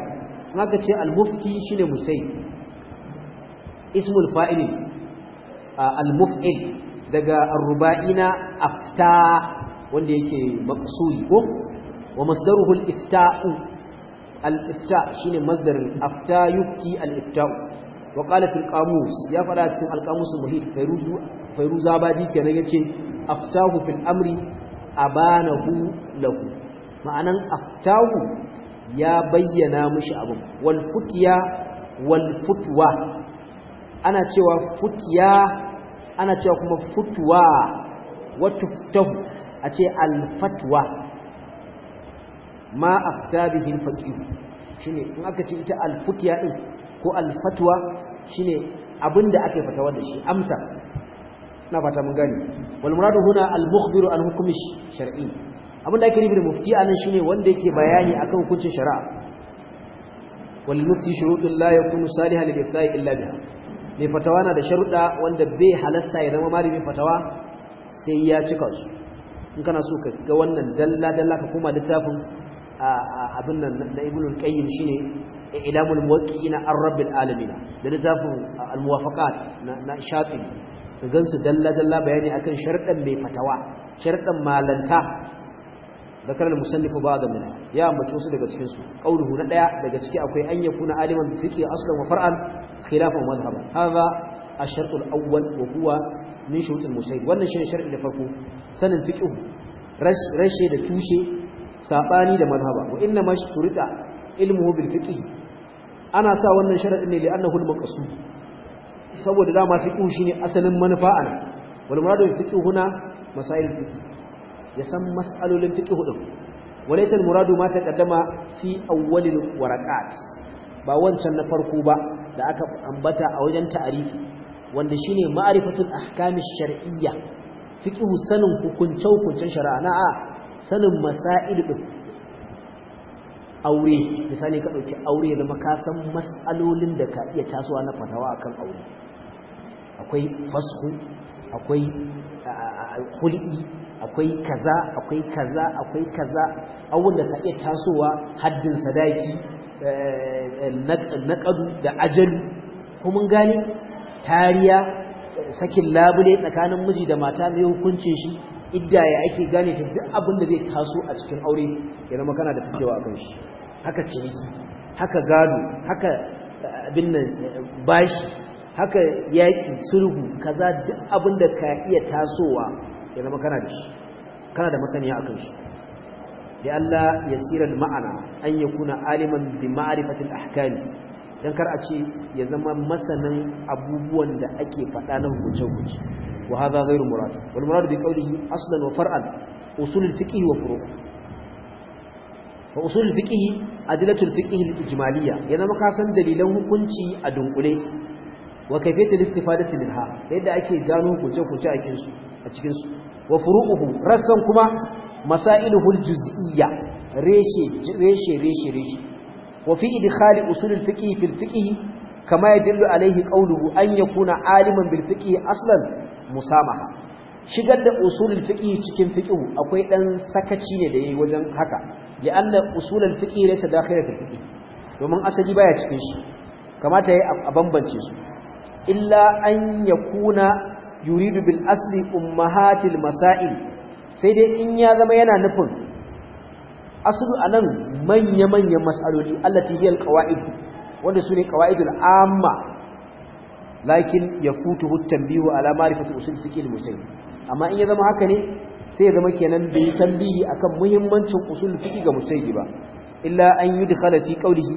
S1: haka ce al mufti ne musayyid ismul fa'il al muf'il daga ar rubaina afta wanda yake maqsudi ko wa masdaruhu al ifta'u al'ifta shi shine masdarin afta yuki al wa qala fil ya faɗa cikin al-qamus muhit fayruzu fayruza badi kenan yace aftahu fil amri abanahu lahu ma'anan aftahu ya bayyana mashi abin wal futiya wal futuwa? ana cewa futiya ana cewa kuma futwa wa tuftahu a ce alfatwa. ma afta bihin shine in aka ce ita alfutiya din ko alfatwa. shine abinda aka fatawa da shi amsa na fata mun gani. wal huna al-mukhbiru an hukmi shar'i abinda ake nufi da mufti anan shine wanda yake bayani akan hukuncin shari'a wal mufti shurutun la yakunu salihan lil iftai illa biha mai fatawa na da sharuɗa wanda bai halasta ya zama malamin fatawa sai ya cika su in kana so ka ga wannan dalla dalla ka koma littafin abin nan na ibn qayyim shine ilamul muwaqqi'ina na rabbil alamina da littafin al na shafi'i ka gansu dalla dalla bayani akan sharɗan mai fatawa sharɗan malanta ذكر ba da منها Ya ambaci wasu daga cikinsu su na ɗaya daga ciki akwai an na aliman fiqi aslan wa far'an khilafan madhhaban a الشرط الأول وهو min شروط المجتهد wannan shine shar'i da farko sanin fiqh rashe da tushe sabani da mazhaba wa inna mashturita ilmuhu bil fiqh ana sa wannan sharadin ne li'annahu al maqsud saboda dama fiqh shine asalin manufa ana wal muradu bil fiqh huna masail fiqh ya san mas'alolin fiqh din walaysa al muradu ma taqaddama fi awwal al waraqat ba wancan na farko ba da aka ambata a wajen ta'arifi wanda shine ma'rifatul ahkam shariyya fiqh sanin hukunce hukuncen shari'a na'a sanin masa'il din aure misali ka dauki aure da makasan mas'alolin da ka iya tasowa na fatawa akan aure akwai fasku akwai khul'i akwai kaza akwai kaza akwai kaza abubuwan da ka iya tasowa haddin sadaki eh, eh, naƙadu da ajalu kuma gani tariya sakin labule tsakanin miji da mata mai hukuncin shi idda ya ake gane ta duk abin da zai taso a cikin aure ya zama kana da ficewa a kan shi haka ciniki haka gado haka eh, abin nan eh, bashi haka yaƙi sulhu kaza duk abin da ka iya tasowa ya zama kana da shi kana da masaniya akan shi da Allah ya sirar ma'ana an yakuna aliman bi ma'rifatil ahkami don kar a ce ya zama masanin abubuwan da ake faɗa na hukunce-hukunce wa haza ghairu murad wal murad bi qawlihi aslan wa far'an usul al-fiqh wa furu' fa usul al-fiqh adillatu al-fiqh al-ijmaliyya ya zama ka san dalilan hukunci a dunkule wa kayfiyatu al-istifadati minha yadda ake gano hukunce-hukunce a cikin su a cikin su wa furu'uhu rassan kuma masailuhu al-juz'iyya reshe reshe reshe reshe وفي إدخال أصول الفقه في الفقه كما يدل عليه قوله أن يكون عالما بالفقه أصلا مسامحة shigar da usulul fiqh cikin fiqh akwai dan sakaci ne da yayi wajen haka ya anna usulul fiqh laysa dakhila fil fiqh domin asali baya cikin shi kamata yayi a bambance su illa an yakuna yuridu bil asli ummahatil masail sai dai in ya zama yana nufin a anan manya-manyan mas'aloli allati hiya alqawaid wanda su sune qawaidul amma lakin yafutuhu at-tanbihu ala ma'rifati usul fiqh al-muslim amma in ya zama haka ne sai ya zama kenan bai tambihi akan muhimmancin usul fiqh ga musaidi ba illa an yudkhala fi qawlihi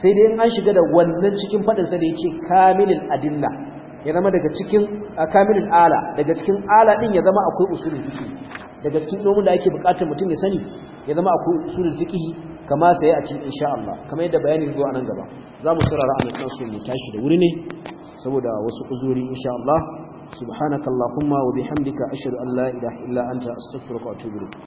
S1: sai dai an shiga da wannan cikin fadin sa da yace kamilul adilla ya zama daga cikin kamilul ala daga cikin ala din ya zama akwai usul fiqh daga cikin domin da ake bukatar mutum ya sani ya zama akwai usulul fiqh kama sai a cikin insha Allah kamar yadda bayani zuwa a nan gaba zamu tsara a nan so mu tashi da wuri ne saboda wasu uzuri insha Allah subhanakallahumma wa bihamdika ashhadu an la ilaha illa anta astaghfiruka wa atubu